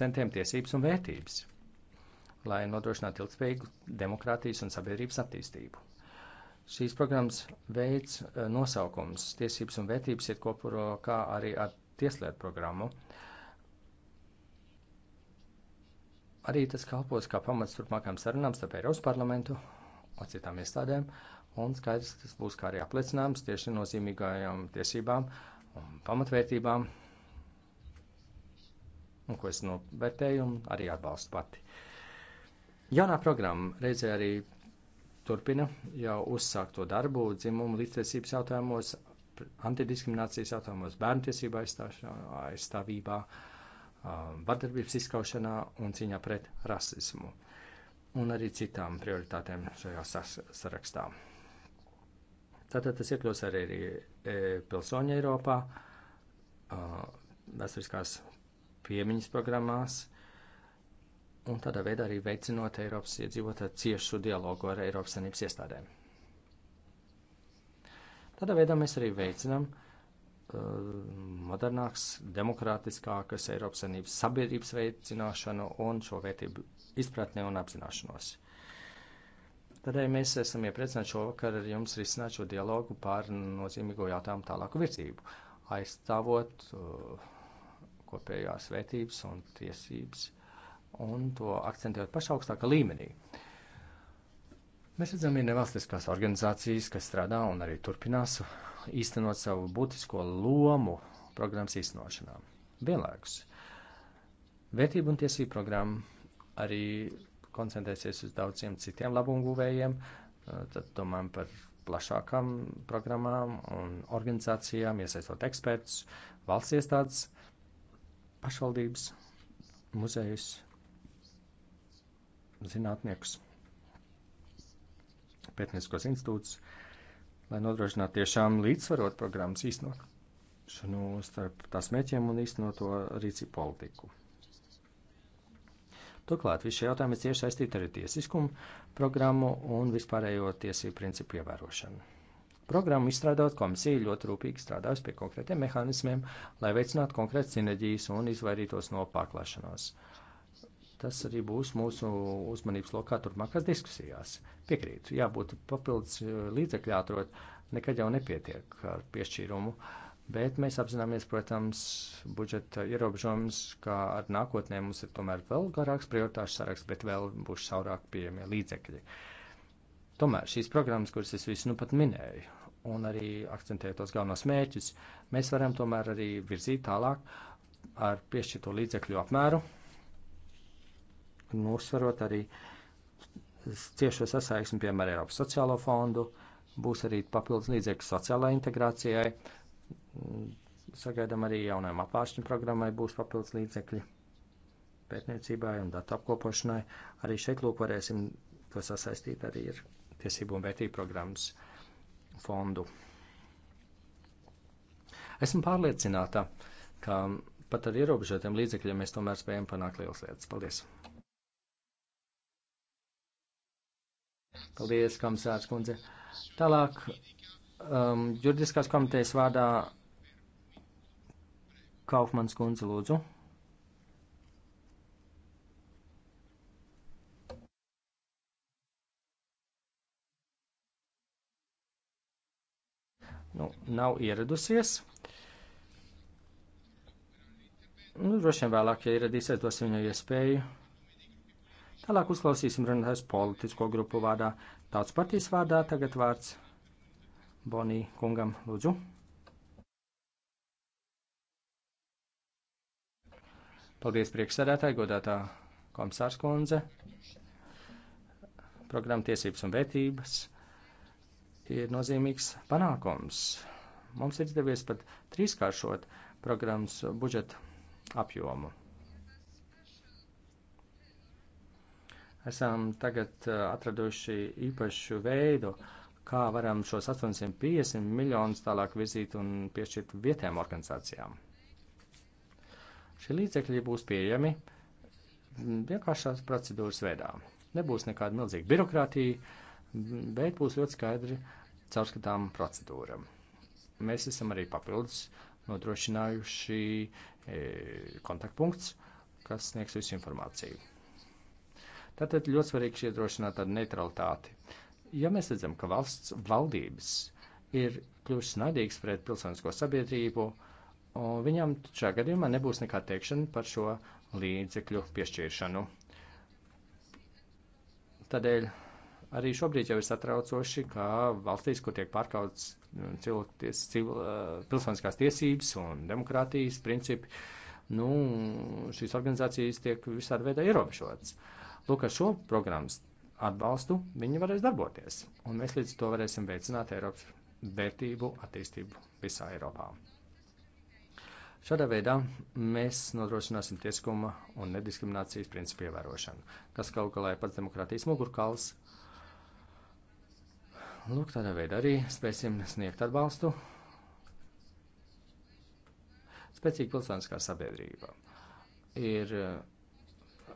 centiem tiesības un vērtības, lai nodrošinātu ilgspējīgu demokrātijas un sabiedrības attīstību. Šīs programmas veids eh, nosaukums tiesības un vērtības ir kopuro kā arī ar tieslietu programmu. Arī tas kalpos kā pamats turpmākām sarunām starp Eiropas parlamentu un citām iestādēm, un skaidrs, tas būs kā arī apliecinājums tieši nozīmīgajām tiesībām un pamatvērtībām, un ko es novērtēju un arī atbalstu pati. Jaunā programma reizē arī turpina jau uzsākto darbu dzimumu līdztiesības jautājumos, antidiskriminācijas jautājumos, bērnu tiesību aizstāvībā, vardarbības izskaušanā un cīņā pret rasismu un arī citām prioritātēm šajā sarakstā. Tātad tas iekļūs arī, arī e, pilsoņu Eiropā, vēsturiskās piemiņas programmās, un tādā veidā arī veicinot Eiropas iedzīvotāju ciešu dialogu ar Eiropas Sanības iestādēm. Tādā veidā mēs arī veicinām uh, modernāks, demokrātiskākas Eiropas Sanības sabiedrības veicināšanu un šo vērtību izpratni un apzināšanos. Tādēļ mēs esam iepriecināti šovakar ar jums risināt šo dialogu par nozīmīgo jautājumu tālāku virzību, aizstāvot uh, kopējās vērtības un tiesības un to akcentējot pašā augstākā līmenī. Mēs redzam, ir nevalstiskās organizācijas, kas strādā un arī turpinās īstenot savu būtisko lomu programmas īstenošanā. Vienlaikus vērtību un tiesību programma arī koncentrēsies uz daudziem citiem labumguvējiem, tad domājam par plašākām programmām un organizācijām, iesaistot ekspertus, valsts iestādes, pašvaldības, muzejus zinātniekus, pētnieciskos institūtus, lai nodrošinātu tiešām līdzsvarot programmas īstenošanu starp tās mērķiem un īstenoto rīcību politiku. Turklāt visi šie jautājumi ir cieši saistīti ar tiesiskumu programmu un vispārējo tiesību principu ievērošanu. Programmu izstrādājot komisija ļoti rūpīgi strādājusi pie konkrētiem mehānismiem, lai veicinātu konkrētas sinerģijas un izvairītos no pārklāšanās. Uh, Tas arī būs mūsu uzmanības lokā turpmākās diskusijās. Piekrītu, jābūt papildus eh, līdzekļu atrot, nekad jau nepietiek ar piešķīrumu, bet mēs apzināmies, protams, budžeta ierobežojums, ka ar nākotnē mums ir tomēr vēl garāks prioritāšu saraksts, bet vēl būs saurāk pieejamie līdzekļi. Tomēr šīs programmas, kuras es visu nu pat minēju, un arī akcentēju tos galvenos mērķus, mēs varam tomēr arī virzīt tālāk ar piešķirto līdzekļu apmēru un uzsverot arī ciešo sasaiksmi, piemēram, Eiropas sociālo fondu, būs arī papildus līdzekļi sociālajai integrācijai, sagaidām arī jaunajam apvāršņu programmai būs papildus līdzekļi pētniecībai un datu apkopošanai. Arī šeit lūk varēsim to sasaistīt arī ar tiesību un vērtību programmas fondu. Esmu pārliecināta, ka pat ar ierobežotiem līdzekļiem mēs tomēr spējam panākt lielas lietas. Paldies! Paldies, komisārs kundze. Tālāk, um, juridiskās komitejas vārdā Kaufmans kundze lūdzu. Nu, nav ieradusies. Nu, droši vien vēlāk, ja ieradīsies, dosim viņai iespēju. Ja Tālāk uzklausīsim runātājs politisko grupu vārdā. Tautas partijas vārdā tagad vārds Bonī kungam lūdzu. Paldies priekšsēdētāji, godātā komisārs kundze. Programma tiesības un vērtības ir nozīmīgs panākums. Mums ir izdevies pat trīskāršot programmas budžeta apjomu. esam tagad uh, atraduši īpašu veidu, kā varam šos 850 miljonus tālāk virzīt un piešķirt vietējām organizācijām. Šie līdzekļi būs pieejami vienkāršās procedūras veidā. Nebūs nekāda milzīga birokrātija, bet būs ļoti skaidri caurskatām procedūra. Mēs esam arī papildus nodrošinājuši e, kontaktpunkts, kas sniegs visu informāciju. Tātad ļoti svarīgi šī iedrošināt ar neutralitāti. Ja mēs redzam, ka valsts valdības ir kļuvušas naidīgas pret pilsonisko sabiedrību, viņam šajā gadījumā nebūs nekā teikšana par šo līdzekļu piešķiršanu. Tādēļ arī šobrīd jau ir satraucoši, ka valstīs, kur tiek pārkauts cilvēkties, nu, civil, pilsoniskās tiesības un demokrātijas principi, nu, šīs organizācijas tiek visādi veidā ierobežotas. Uh, Lūk, ar šo programmas atbalstu viņi varēs darboties, un mēs līdz to varēsim veicināt Eiropas vērtību attīstību visā Eiropā. Šādā veidā mēs nodrošināsim tieskuma un nediskriminācijas principu ievērošanu, kas kaut galā ir pats demokrātijas mugurkauls. Lūk, tādā veidā arī spēsim sniegt atbalstu spēcīga pilsoniskā sabiedrība. Ir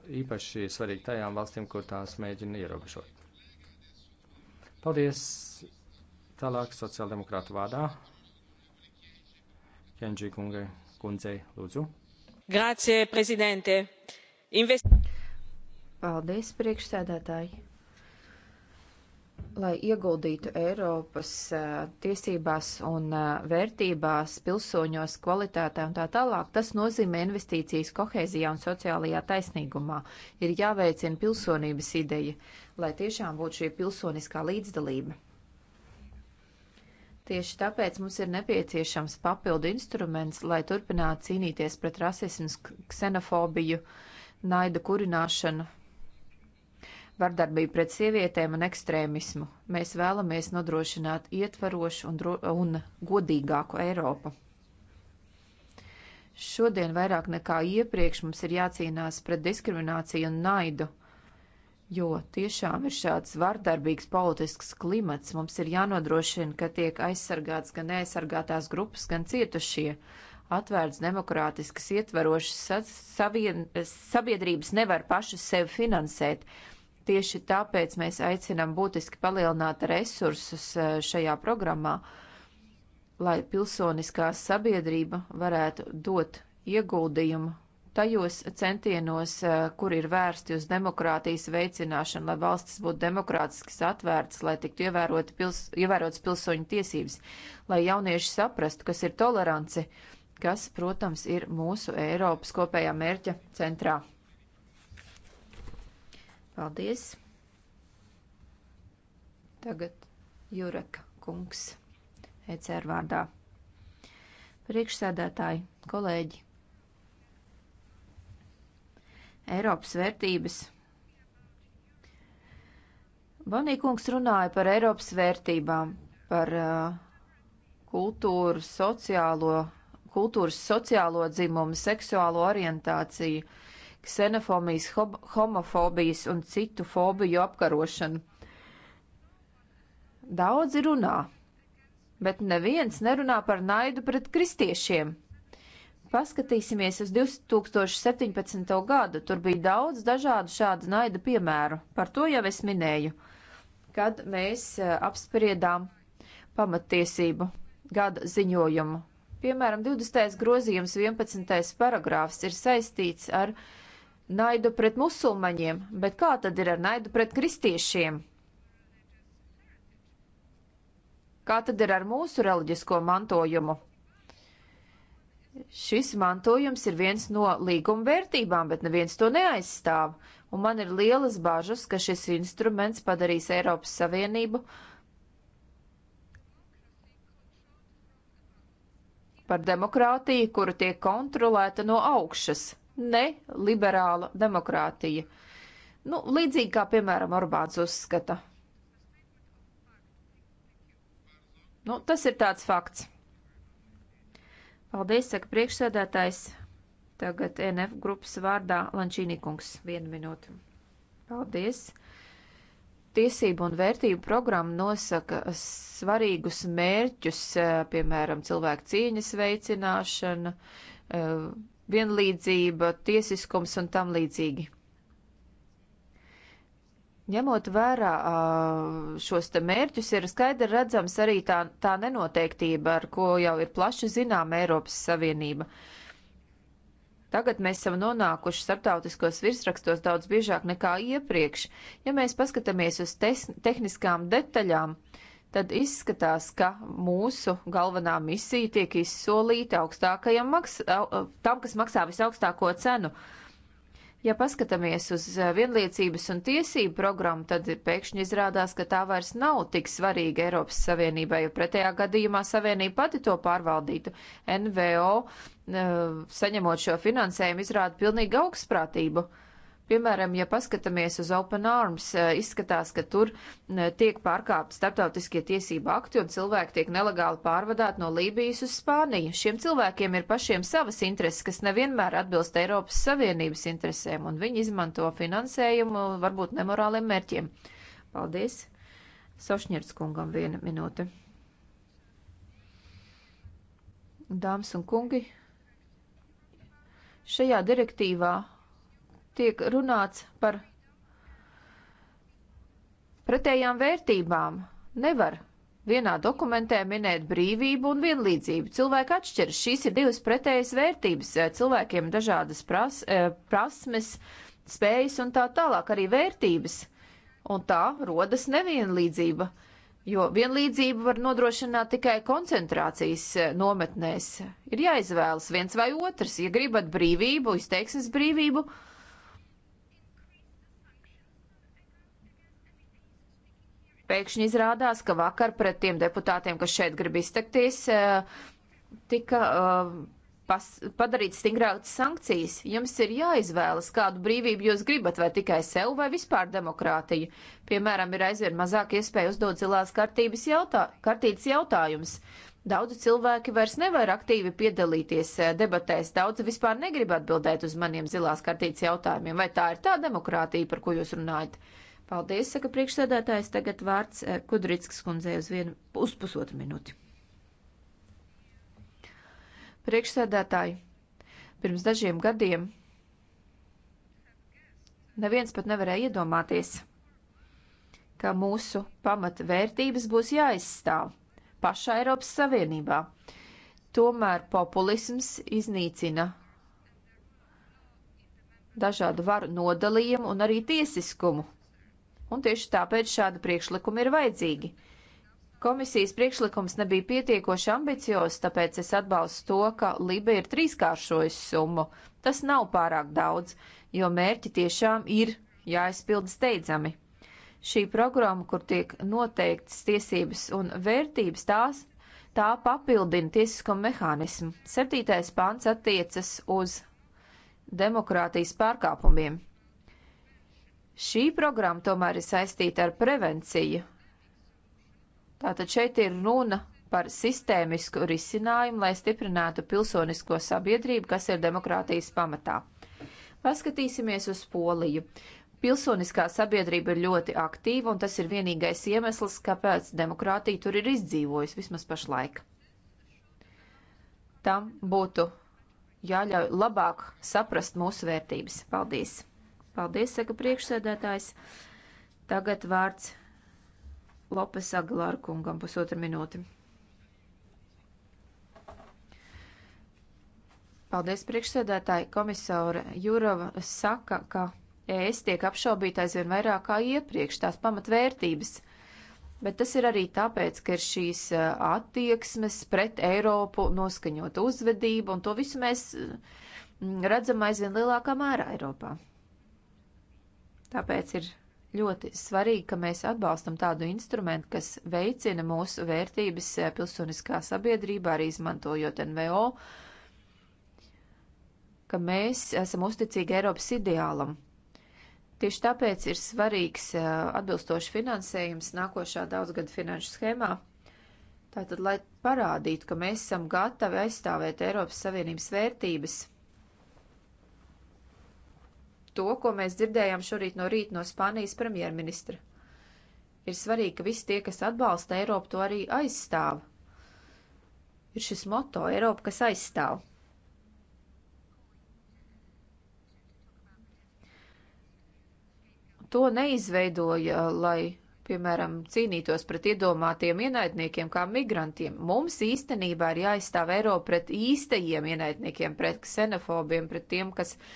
īpaši svarīgi tajām valstīm, kur tās mēģina ierobežot. Paldies! Tālāk sociāldemokrātu vārdā. Kenģī kungai, kundzei, lūdzu. Grācie, prezidente. Invest... Paldies, priekšsēdētāji lai ieguldītu Eiropas uh, tiesībās un uh, vērtībās, pilsoņos, kvalitātē un tā tālāk, tas nozīmē investīcijas kohēzijā un sociālajā taisnīgumā. Ir jāveicina pilsonības ideja, lai tiešām būtu šī pilsoniskā līdzdalība. Tieši tāpēc mums ir nepieciešams papildu instruments, lai turpinātu cīnīties pret rasismu, ksenofobiju, naida kurināšanu, vardarbību pret sievietēm un ekstrēmismu. Mēs vēlamies nodrošināt ietvarošu un, un godīgāku Eiropu. Šodien vairāk nekā iepriekš mums ir jācīnās pret diskrimināciju un naidu, jo tiešām ir šāds vardarbīgs politisks klimats. Mums ir jānodrošina, ka tiek aizsargāts gan neaizsargātās grupas, gan cietušie atvērts demokrātiskas ietvarošas savien, sabiedrības nevar pašas sevi finansēt. Tieši tāpēc mēs aicinām būtiski palielināt resursus e, šajā programmā, lai pilsoniskā sabiedrība varētu dot ieguldījumu tajos centienos, e, kur ir vērsti uz demokrātijas veicināšanu, lai valstis būtu demokrātiskas atvērtas, lai tiktu ievērot pils, ievērotas pilsoņu tiesības, lai jaunieši saprastu, kas ir tolerance, kas, protams, ir mūsu Eiropas kopējā mērķa centrā. Paldies! Tagad Jureka kungs ECR vārdā. Priekšsēdētāji, kolēģi! Eiropas vērtības Banīkungs runāja par Eiropas vērtībām, par uh, kultūru, sociālo, kultūras sociālo dzimumu, seksuālo orientāciju ksenofobijas, homofobijas un citu fobiju apkarošanu. Daudzi runā, bet neviens nerunā par naidu pret kristiešiem. Paskatīsimies uz 2017. gadu, tur bija daudz dažādu šādu naida piemēru, par to jau es minēju, kad mēs eh, apspriedām pamatiesību gada ziņojumu. Piemēram, 20. grozījums 11. paragrāfs ir saistīts ar uh, naidu pret musulmaņiem, bet kā tad ir ar naidu pret kristiešiem? Kā tad ir ar mūsu reliģisko mantojumu? Šis mantojums ir viens no līguma vērtībām, bet neviens to neaizstāv, un man ir lielas bažas, ka šis instruments padarīs Eiropas Savienību par demokrātiju, kura tiek kontrolēta no augšas ne liberāla demokrātija. Nu, līdzīgi kā, piemēram, Orbāns uzskata. Nu, tas ir tāds fakts. Paldies, saka priekšsēdētājs. Tagad NF grupas vārdā Lančīnī kungs. Vienu minūtu. Paldies. Tiesību un vērtību programma nosaka svarīgus mērķus, eh, piemēram, cilvēku cīņas veicināšana, eh, vienlīdzība, tiesiskums un tam līdzīgi. Ņemot vērā šos te mērķus, ir skaidri redzams arī tā, tā nenoteiktība, ar ko jau ir plaši zinām Eiropas Savienība. Tagad mēs esam nonākuši starptautiskos virsrakstos daudz biežāk nekā iepriekš. Ja mēs paskatāmies uz tehniskām detaļām, uh, tad izskatās, ka mūsu galvenā misija tiek izsolīta augstākajam maks, tam, kas maksā visaugstāko cenu. Ja paskatāmies uz eh, vienlīdzības un tiesību programmu, tad pēkšņi izrādās, ka tā vairs nav tik svarīga Eiropas Savienībai, jo pretējā gadījumā Savienība pati to pārvaldītu. NVO, eh, saņemot šo finansējumu, izrāda pilnīgi augstprātību. Uh, Piemēram, ja paskatāmies uz Open Arms, eh, izskatās, ka tur eh, tiek pārkāpti starptautiskie tiesība akti un cilvēki tiek nelegāli pārvadāti no Lībijas uz Spāniju. Šiem cilvēkiem ir pašiem savas intereses, kas nevienmēr atbilst Eiropas Savienības interesēm, un viņi izmanto finansējumu varbūt nemorāliem mērķiem. Paldies! Sošņirds kungam viena minūte. Dāmas un kungi, šajā direktīvā tiek runāts par pretējām vērtībām. Nevar vienā dokumentē minēt brīvību un vienlīdzību. Cilvēki atšķiras. Šīs ir divas pretējas vērtības. Cilvēkiem dažādas pras, eh, prasmes, spējas un tā tālāk arī vērtības. Un tā rodas nevienlīdzība, jo vienlīdzību var nodrošināt tikai koncentrācijas eh, nometnēs. Ir jāizvēlas viens vai otrs. Ja gribat brīvību, izteiksmes brīvību, uh, Pēkšņi izrādās, ka vakar pret tiem deputātiem, kas šeit grib iztekties, eh, tika eh, pas, padarīts stingrākas sankcijas. Jums ir jāizvēlas, kādu brīvību jūs gribat, vai tikai sev, vai vispār demokrātiju. Piemēram, ir aizvien mazāk iespēja uzdot zilās kartības jautā, kartītes jautājumus. Daudzi cilvēki vairs nevar aktīvi piedalīties eh, debatēs, daudzi vispār negrib atbildēt uz maniem zilās kartītes jautājumiem. Vai tā ir tā demokrātija, par ko jūs runājat? Uh, Paldies, saka priekšsēdētājs. Tagad vārds eh, Kudrickas kundzei uz vienu uz pusotru minūti. Priekšsēdētāji, pirms dažiem gadiem neviens pat nevarēja iedomāties, ka mūsu pamatvērtības būs jāizstāv pašā Eiropas Savienībā. Tomēr populisms iznīcina dažādu varu nodalījumu un arī tiesiskumu un tieši tāpēc šādi priekšlikumi ir vajadzīgi. Komisijas priekšlikums nebija pietiekoši ambiciozs, tāpēc es atbalstu to, ka Libe ir trīskāršojusi summu. Tas nav pārāk daudz, jo mērķi tiešām ir jāizpild steidzami. Šī programma, kur tiek noteiktas tiesības un vērtības, tās tā papildina tiesisko mehānismu. Septītais pāns attiecas uz demokrātijas pārkāpumiem. Šī programma tomēr ir saistīta ar prevenciju. Tātad šeit ir runa par sistēmisku risinājumu, lai stiprinātu pilsonisko sabiedrību, kas ir demokrātijas pamatā. Paskatīsimies uz Poliju. Pilsoniskā sabiedrība ir ļoti aktīva, un tas ir vienīgais iemesls, kāpēc demokrātija tur ir izdzīvojusi vismaz pašlaik. Tam būtu jāļauj labāk saprast mūsu vērtības. Paldies! Paldies, saka priekšsēdētājs. Tagad vārds Lopes Aguilar kungam pusotra minūte. Paldies, priekšsēdētāji. Komisāra Jurova saka, ka ES tiek apšaubīta aizvien vairāk kā iepriekš tās pamatvērtības. Bet tas ir arī tāpēc, ka ir šīs attieksmes pret Eiropu noskaņota uzvedība, un to visu mēs redzam aizvien lielākā mērā Eiropā. Tāpēc ir ļoti svarīgi, ka mēs atbalstam tādu instrumentu, kas veicina mūsu vērtības eh, pilsoniskā sabiedrībā, arī izmantojot NVO, ka mēs esam uzticīgi Eiropas ideālam. Tieši tāpēc ir svarīgs eh, atbilstošs finansējums nākošā daudzgada finanšu schēmā. Tātad, lai parādītu, ka mēs esam gatavi aizstāvēt Eiropas Savienības vērtības to, ko mēs dzirdējām šorīt no rīta no Spānijas premjerministra. Ir svarīgi, ka visi tie, kas atbalsta Eiropu, to arī aizstāv. Ir šis moto - Eiropa, kas aizstāv. To neizveidoja, lai, piemēram, cīnītos pret iedomātiem ienaidniekiem kā migrantiem. Mums īstenībā ir jāaizstāv Eiropa pret īstajiem ienaidniekiem, pret ksenofobiem, pret tiem, kas uh,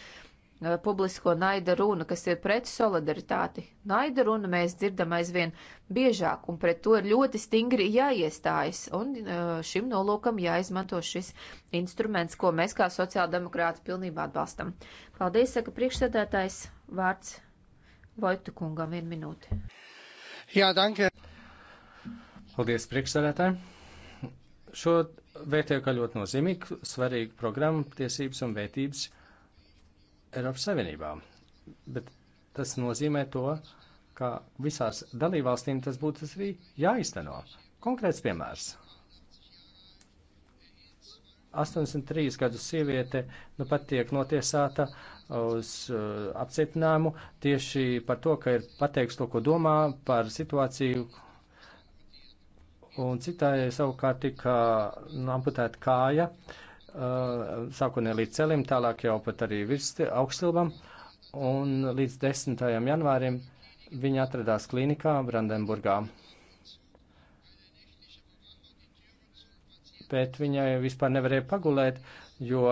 Uh, publisko naida runu, kas ir pret solidaritāti. Naida runu mēs dzirdam aizvien biežāk, un pret to ir ļoti stingri jāiestājas, un uh, šim nolūkam jāizmanto šis instruments, ko mēs kā sociāldemokrāti pilnībā atbalstam. Paldies, saka priekšsēdētājs vārds Vojtu kungam vienu minūti. Jā, danke. Paldies, priekšsēdētāji. Šo vērtēju kā ļoti nozīmīgu, svarīgu programmu tiesības un vērtības Eiropas Savienībā. Bet tas nozīmē to, ka visās dalībvalstīm tas būtu arī jāizteno. Konkrēts piemērs. 83 gadus sieviete nu pat tiek notiesāta uz uh, apcietinājumu tieši par to, ka ir pateikts to, ko domā par situāciju. Un citai savukārt tika nu, amputēta kāja. Uh, sākotnēji līdz celim, tālāk jau pat arī virs augstilbam, un līdz 10. janvārim viņa atradās klīnikā Brandenburgā. Bet viņai vispār nevarēja pagulēt, jo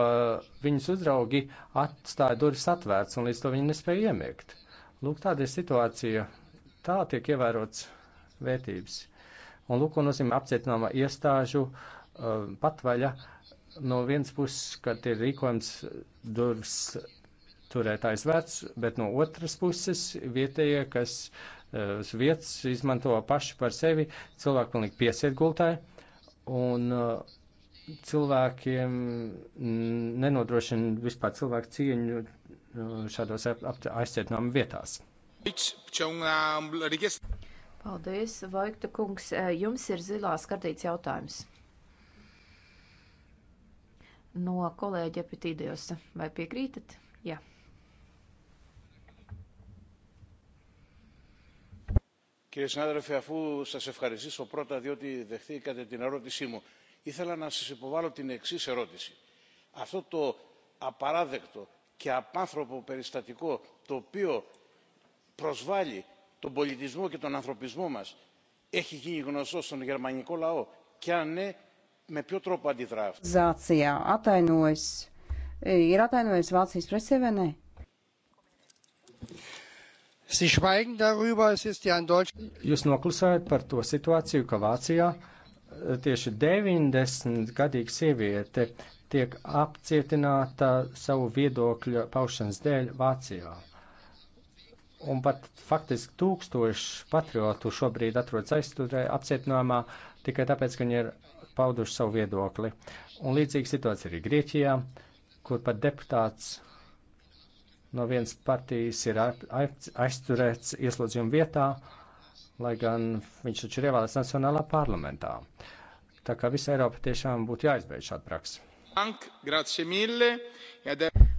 viņas uzraugi atstāja durvis atvērts, un līdz to viņa nespēja iemiegt. Lūk, tāda ir situācija. Tā tiek ievērots vērtības. Un lūk, ko nozīmē apcietināma iestāžu uh, patvaļa uh, no vienas puses, kad ir rīkojums durvis turētājs vecs, bet no otras puses vietējie, kas eh, uz vietas izmanto paši par sevi, cilvēku pilnīgi piesiet gultā, un eh, cilvēkiem nenodrošina vispār cilvēku cieņu eh, šādos aizcietnām vietās. Paldies, Vaikta kungs. Jums ir zilās kartītes jautājums no kolēģa Epitīdiosa. Vai piekrītat? Jā. Κύριε συνάδελφε, αφού σας ευχαριστήσω πρώτα διότι δεχθήκατε την ερώτησή μου, ήθελα να σας υποβάλω την εξής ερώτηση. Αυτό το απαράδεκτο και απάνθρωπο περιστατικό το οποίο προσβάλλει τον πολιτισμό και τον ανθρωπισμό μας έχει γίνει γνωστό στον γερμανικό λαό και αν ναι Zācijā atainojas, ir atainojas Vācijas presē vai ne? Jūs noklusējat par to situāciju, ka Vācijā e, tieši 90-gadīga sieviete tiek apcietināta savu viedokļu paušanas dēļ Vācijā. Un pat faktiski tūkstoši patriotu šobrīd atrodas aizturē apcietinājumā tikai tāpēc, ka viņi ir pauduši savu viedokli. Un līdzīga situācija arī Grieķijā, kur pat deputāts no vienas partijas ir aizturēts ieslodzījuma vietā, lai gan viņš taču ir ievēlēts Nacionālā parlamentā. Tā kā visa Eiropa tiešām būtu jāizbeidz šādu praksi.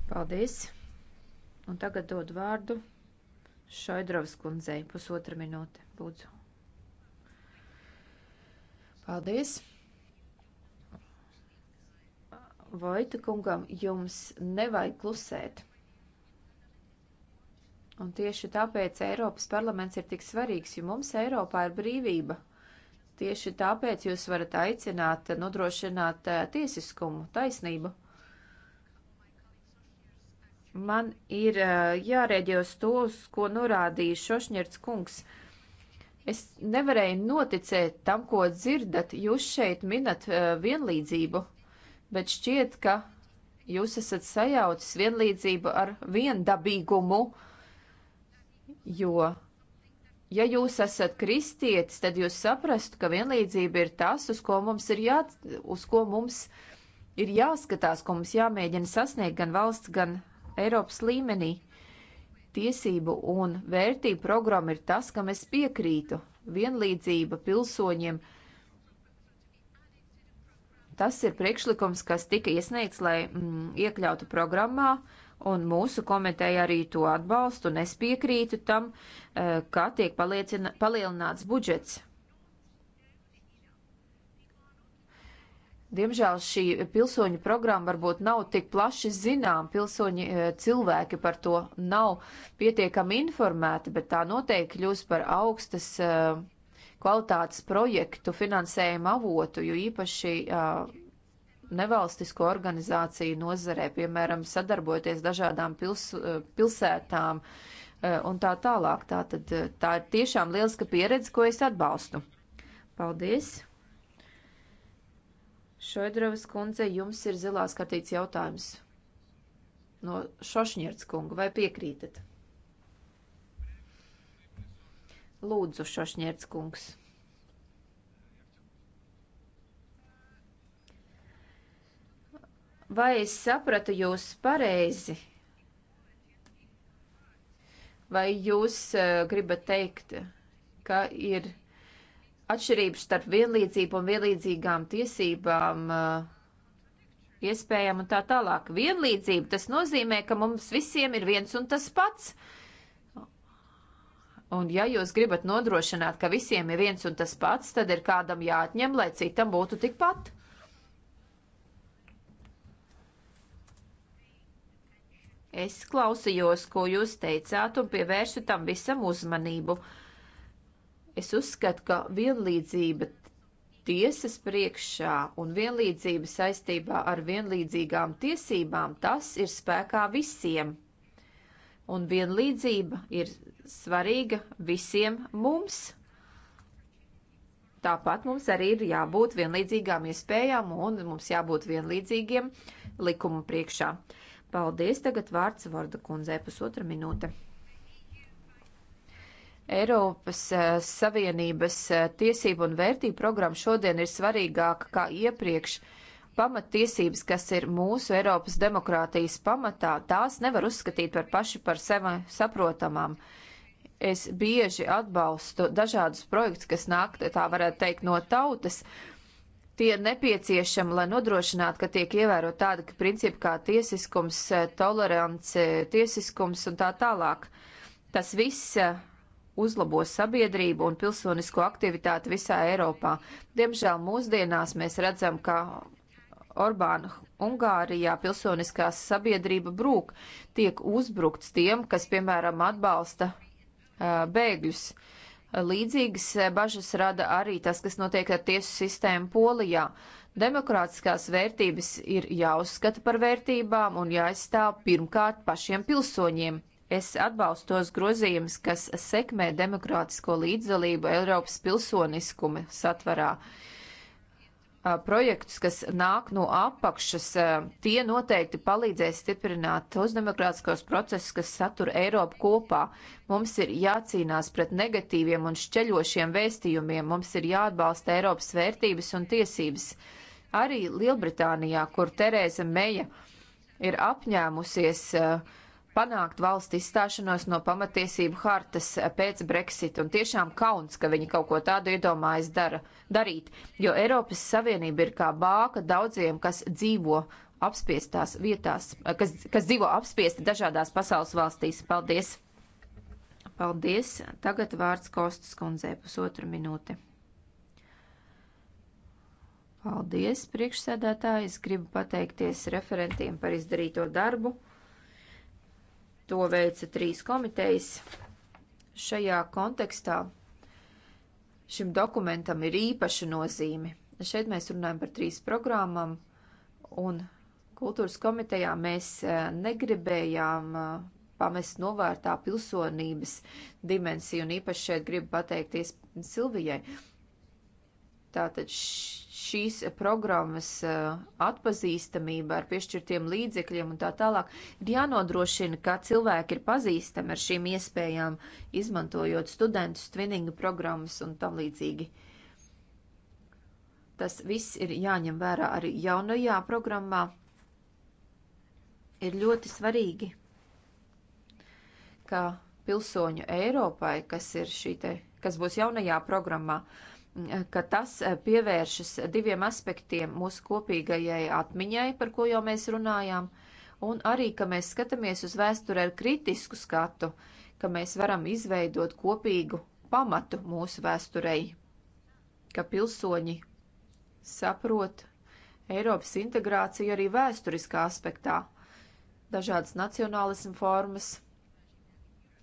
Paldies! Un tagad dod vārdu Šaidrovas kundzei pusotra minūte, lūdzu. Paldies! Vojta kungam jums nevajag klusēt. Un tieši tāpēc Eiropas parlaments ir tik svarīgs, jo mums Eiropā ir brīvība. Tieši tāpēc jūs varat aicināt, nodrošināt eh, tiesiskumu, taisnību. Man ir eh, jārēģē uz to, uz ko norādīja Šošņerts kungs. Es nevarēju noticēt tam, ko dzirdat. Jūs šeit minat eh, vienlīdzību bet šķiet, ka jūs esat sajaucis vienlīdzību ar viendabīgumu, jo, ja jūs esat kristietis, tad jūs saprastu, ka vienlīdzība ir tas, uz ko mums ir, jā, uz ko mums ir jāskatās, ko mums jāmēģina sasniegt gan valsts, gan Eiropas līmenī. Tiesību un vērtību programma ir tas, kam es piekrītu. Vienlīdzība pilsoņiem ir Tas ir priekšlikums, kas tika iesniegts, lai mm, iekļautu programmā, un mūsu komiteja arī to atbalstu, un es piekrītu tam, e, kā tiek palielināts budžets. Diemžēl šī pilsoņu programma varbūt nav tik plaši zinām, pilsoņi e, cilvēki par to nav pietiekami informēti, bet tā noteikti kļūs par augstas uh, kvalitātes projektu finansējumu avotu, jo īpaši uh, nevalstisko organizāciju nozarē, piemēram, sadarbojoties dažādām pils, pilsētām uh, un tā tālāk. Tā, tad, tā ir tiešām lieliska pieredze, ko es atbalstu. Paldies! Šoidravas kundze, jums ir zilās kartīts jautājums no Šošņirts kunga, vai piekrītat? Lūdzu, Šošņērts kungs. Vai es sapratu jūs pareizi? Vai jūs eh, gribat teikt, ka ir atšķirības starp vienlīdzību un vienlīdzīgām tiesībām, eh, iespējām un tā tālāk? Vienlīdzība tas nozīmē, ka mums visiem ir viens un tas pats. Uh, Un ja jūs gribat nodrošināt, ka visiem ir viens un tas pats, tad ir kādam jāatņem, lai citam būtu tikpat. Es klausījos, ko jūs teicāt, un pievēršu tam visam uzmanību. Es uzskatu, ka vienlīdzība tiesas priekšā un vienlīdzība saistībā ar vienlīdzīgām tiesībām tas ir spēkā visiem un vienlīdzība ir svarīga visiem mums. Tāpat mums arī ir jābūt vienlīdzīgām iespējām un mums jābūt vienlīdzīgiem likuma priekšā. Paldies, tagad vārds Vorda kundzē pusotra minūte. Eiropas eh, Savienības eh, tiesību un vērtību programma šodien ir svarīgāka kā iepriekš. Uh, pamatiesības, kas ir mūsu Eiropas demokrātijas pamatā, tās nevar uzskatīt par paši par sevi saprotamām. Es bieži atbalstu dažādus projektus, kas nāk, tā varētu teikt, no tautas. Tie ir nepieciešami, lai nodrošinātu, ka tiek ievērot tāda ka principi kā tiesiskums, tolerance, tiesiskums un tā tālāk. Tas viss eh, uzlabos sabiedrību un pilsonisko aktivitāti visā Eiropā. Diemžēl mūsdienās mēs redzam, ka Orbāna Ungārijā pilsoniskā sabiedrība brūk, tiek uzbrukts tiem, kas, piemēram, atbalsta uh, bēgļus. Līdzīgas bažas rada arī tas, kas notiek ar tiesu sistēmu Polijā. Demokrātiskās vērtības ir jāuzskata par vērtībām un jāizstāv pirmkārt pašiem pilsoņiem. Es atbalstu tos grozījumus, kas sekmē demokrātisko līdzdalību Eiropas pilsoniskuma satvarā. Uh, projektus, kas nāk no apakšas, tie noteikti palīdzēs stiprināt tos demokrātiskos procesus, kas satura Eiropu kopā. Mums ir jācīnās pret negatīviem un šķeļošiem vēstījumiem, mums ir jāatbalsta Eiropas vērtības un tiesības. Arī Lielbritānijā, kur Tereza Meja ir apņēmusies uh, panākt valsts izstāšanos no pamatiesību hartas pēc Brexit. Un tiešām kauns, ka viņi kaut ko tādu iedomājas dara, darīt, jo Eiropas Savienība ir kā bāka daudziem, kas dzīvo apspiestās vietās, kas, kas dzīvo apspiesti dažādās pasaules valstīs. Paldies! Paldies! Tagad vārds Kostas kundzei pusotru minūti. Paldies, priekšsēdētāji! Es gribu pateikties referentiem par izdarīto darbu. To veica trīs komitejas. Šajā kontekstā šim dokumentam ir īpaša nozīme. Šeit mēs runājam par trīs programmām, un kultūras komitejā mēs e, negribējām e, pamest novērtā pilsonības dimensiju, un īpaši šeit gribu pateikties Silvijai. Tātad šīs programmas atpazīstamība ar piešķirtiem līdzekļiem un tā tālāk ir jānodrošina, ka cilvēki ir pazīstami ar šīm iespējām, izmantojot studentu twinningu programmas un tam līdzīgi. Tas viss ir jāņem vērā arī jaunajā programmā. Ir ļoti svarīgi, ka pilsoņu Eiropai, kas ir šī te, kas būs jaunajā programmā, uh, ka tas eh, pievēršas diviem aspektiem mūsu kopīgajai atmiņai, par ko jau mēs runājām, un arī, ka mēs skatāmies uz vēsturi ar kritisku skatu, ka mēs varam izveidot kopīgu pamatu mūsu vēsturei, ka pilsoņi saprot Eiropas integrāciju arī vēsturiskā aspektā, dažādas nacionālismu formas,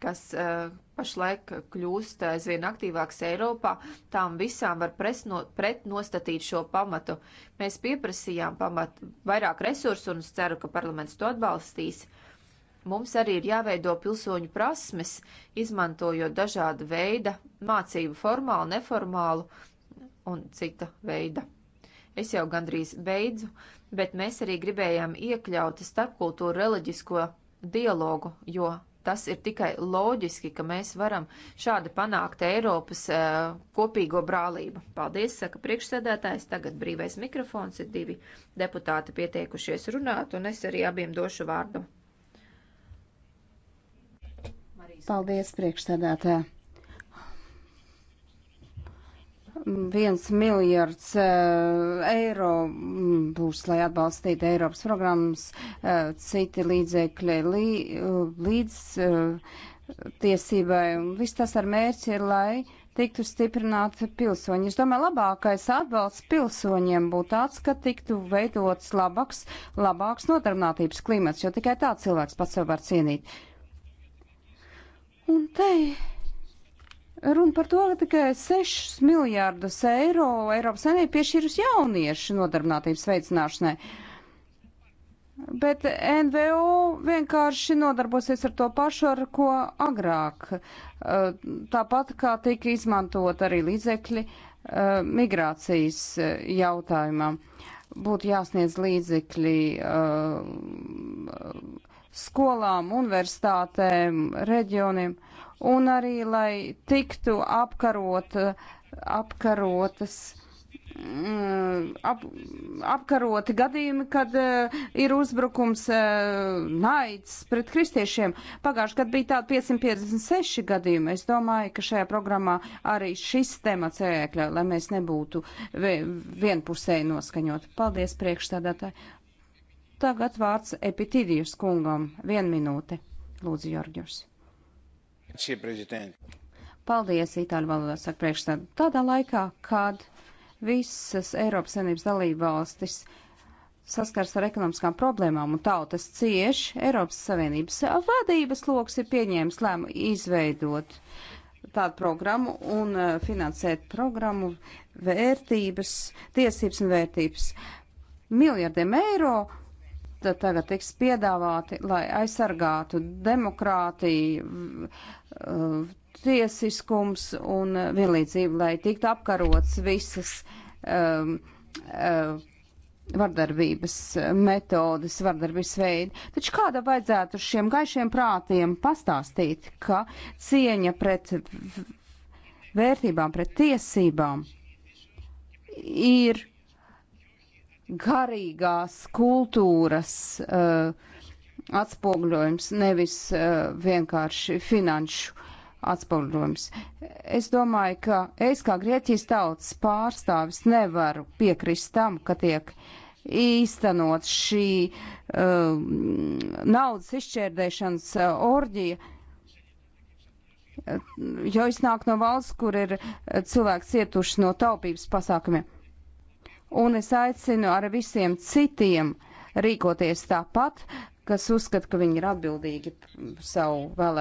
kas uh, pašlaik kļūst aizvien aktīvāks Eiropā, tām visām var presno, pretnostatīt šo pamatu. Mēs pieprasījām pamat vairāk resursu un es ceru, ka parlaments to atbalstīs. Mums arī ir jāveido pilsoņu prasmes, izmantojot dažāda veida mācību formālu, neformālu un cita veida. Es jau gandrīz beidzu, bet mēs arī gribējām iekļaut starpkultūru reliģisko dialogu, jo Tas ir tikai loģiski, ka mēs varam šādi panākt Eiropas uh, kopīgo brālību. Paldies, saka priekšsēdētājs. Tagad brīvais mikrofons ir divi deputāti pieteikušies runāt, un es arī abiem došu vārdu. Paldies, priekšsēdētāji viens miljards eh, eiro mm, būs, lai atbalstītu Eiropas programmas, eh, citi līdzekļi eh, līdz tiesībai. Un viss tas ar mērķi ir, lai tiktu stiprināti pilsoņi. Es domāju, labākais atbalsts pilsoņiem būtu tāds, ka tiktu veidots labāks, labāks nodarbinātības klimats, jo tikai tā cilvēks pats sev var cienīt. Un te Runa par to, ka tikai 6 miljārdus eiro Eiropas Savienība piešķīrus jauniešu nodarbinātības veicināšanai. Bet NVO vienkārši nodarbosies ar to pašu, ar ko agrāk. Eh, tāpat kā tika izmantot arī līdzekļi eh, migrācijas eh, jautājumam. Būtu jāsniedz līdzekļi skolām, universitātēm, reģioniem un arī, lai tiktu apkarot, apkarotas mm, ap, apkaroti gadījumi, kad uh, ir uzbrukums uh, naids pret kristiešiem. Pagājuši gadu bija tādi 556 gadījumi. Es domāju, ka šajā programmā arī šis temats ēkļa, lai mēs nebūtu vienpusēji noskaņot. Paldies priekšstādātāji. Tagad vārds epitidijus kungam. Vien minūte. Lūdzu, Jorģus. Šie prezidenti. Paldies, Itāļu valodā saka priekšstādā. Tādā laikā, kad visas Eiropas Savienības dalībvalstis saskars ar ekonomiskām problēmām un tautas cieš, Eiropas Savienības vadības loks ir pieņēmis lēmu izveidot tādu programmu un uh, finansēt programmu vērtības, tiesības un vērtības miljardiem eiro Eh, tagad tiks piedāvāti, lai aizsargātu demokrātiju, eh, tiesiskums un vienlīdzību, lai tiktu apkarots visas um, um, vardarbības metodas, vardarbības veidi. Taču kāda vajadzētu šiem gaišiem prātiem pastāstīt, ka cieņa pret vērtībām, pret tiesībām ir garīgās kultūras uh, eh, atspoguļojums, nevis uh, vienkārši finanšu atspoguļojums. Es domāju, ka es kā Grieķijas tautas pārstāvis nevaru piekrist tam, ka tiek īstenot šī uh, naudas izšķērdēšanas uh, orģija, jo iznāk no valsts, kur ir cilvēki cietuši no taupības pasākumiem un es aicinu ar visiem citiem rīkoties tāpat, kas uzskata, ka viņi ir atbildīgi savu vēlēšanu.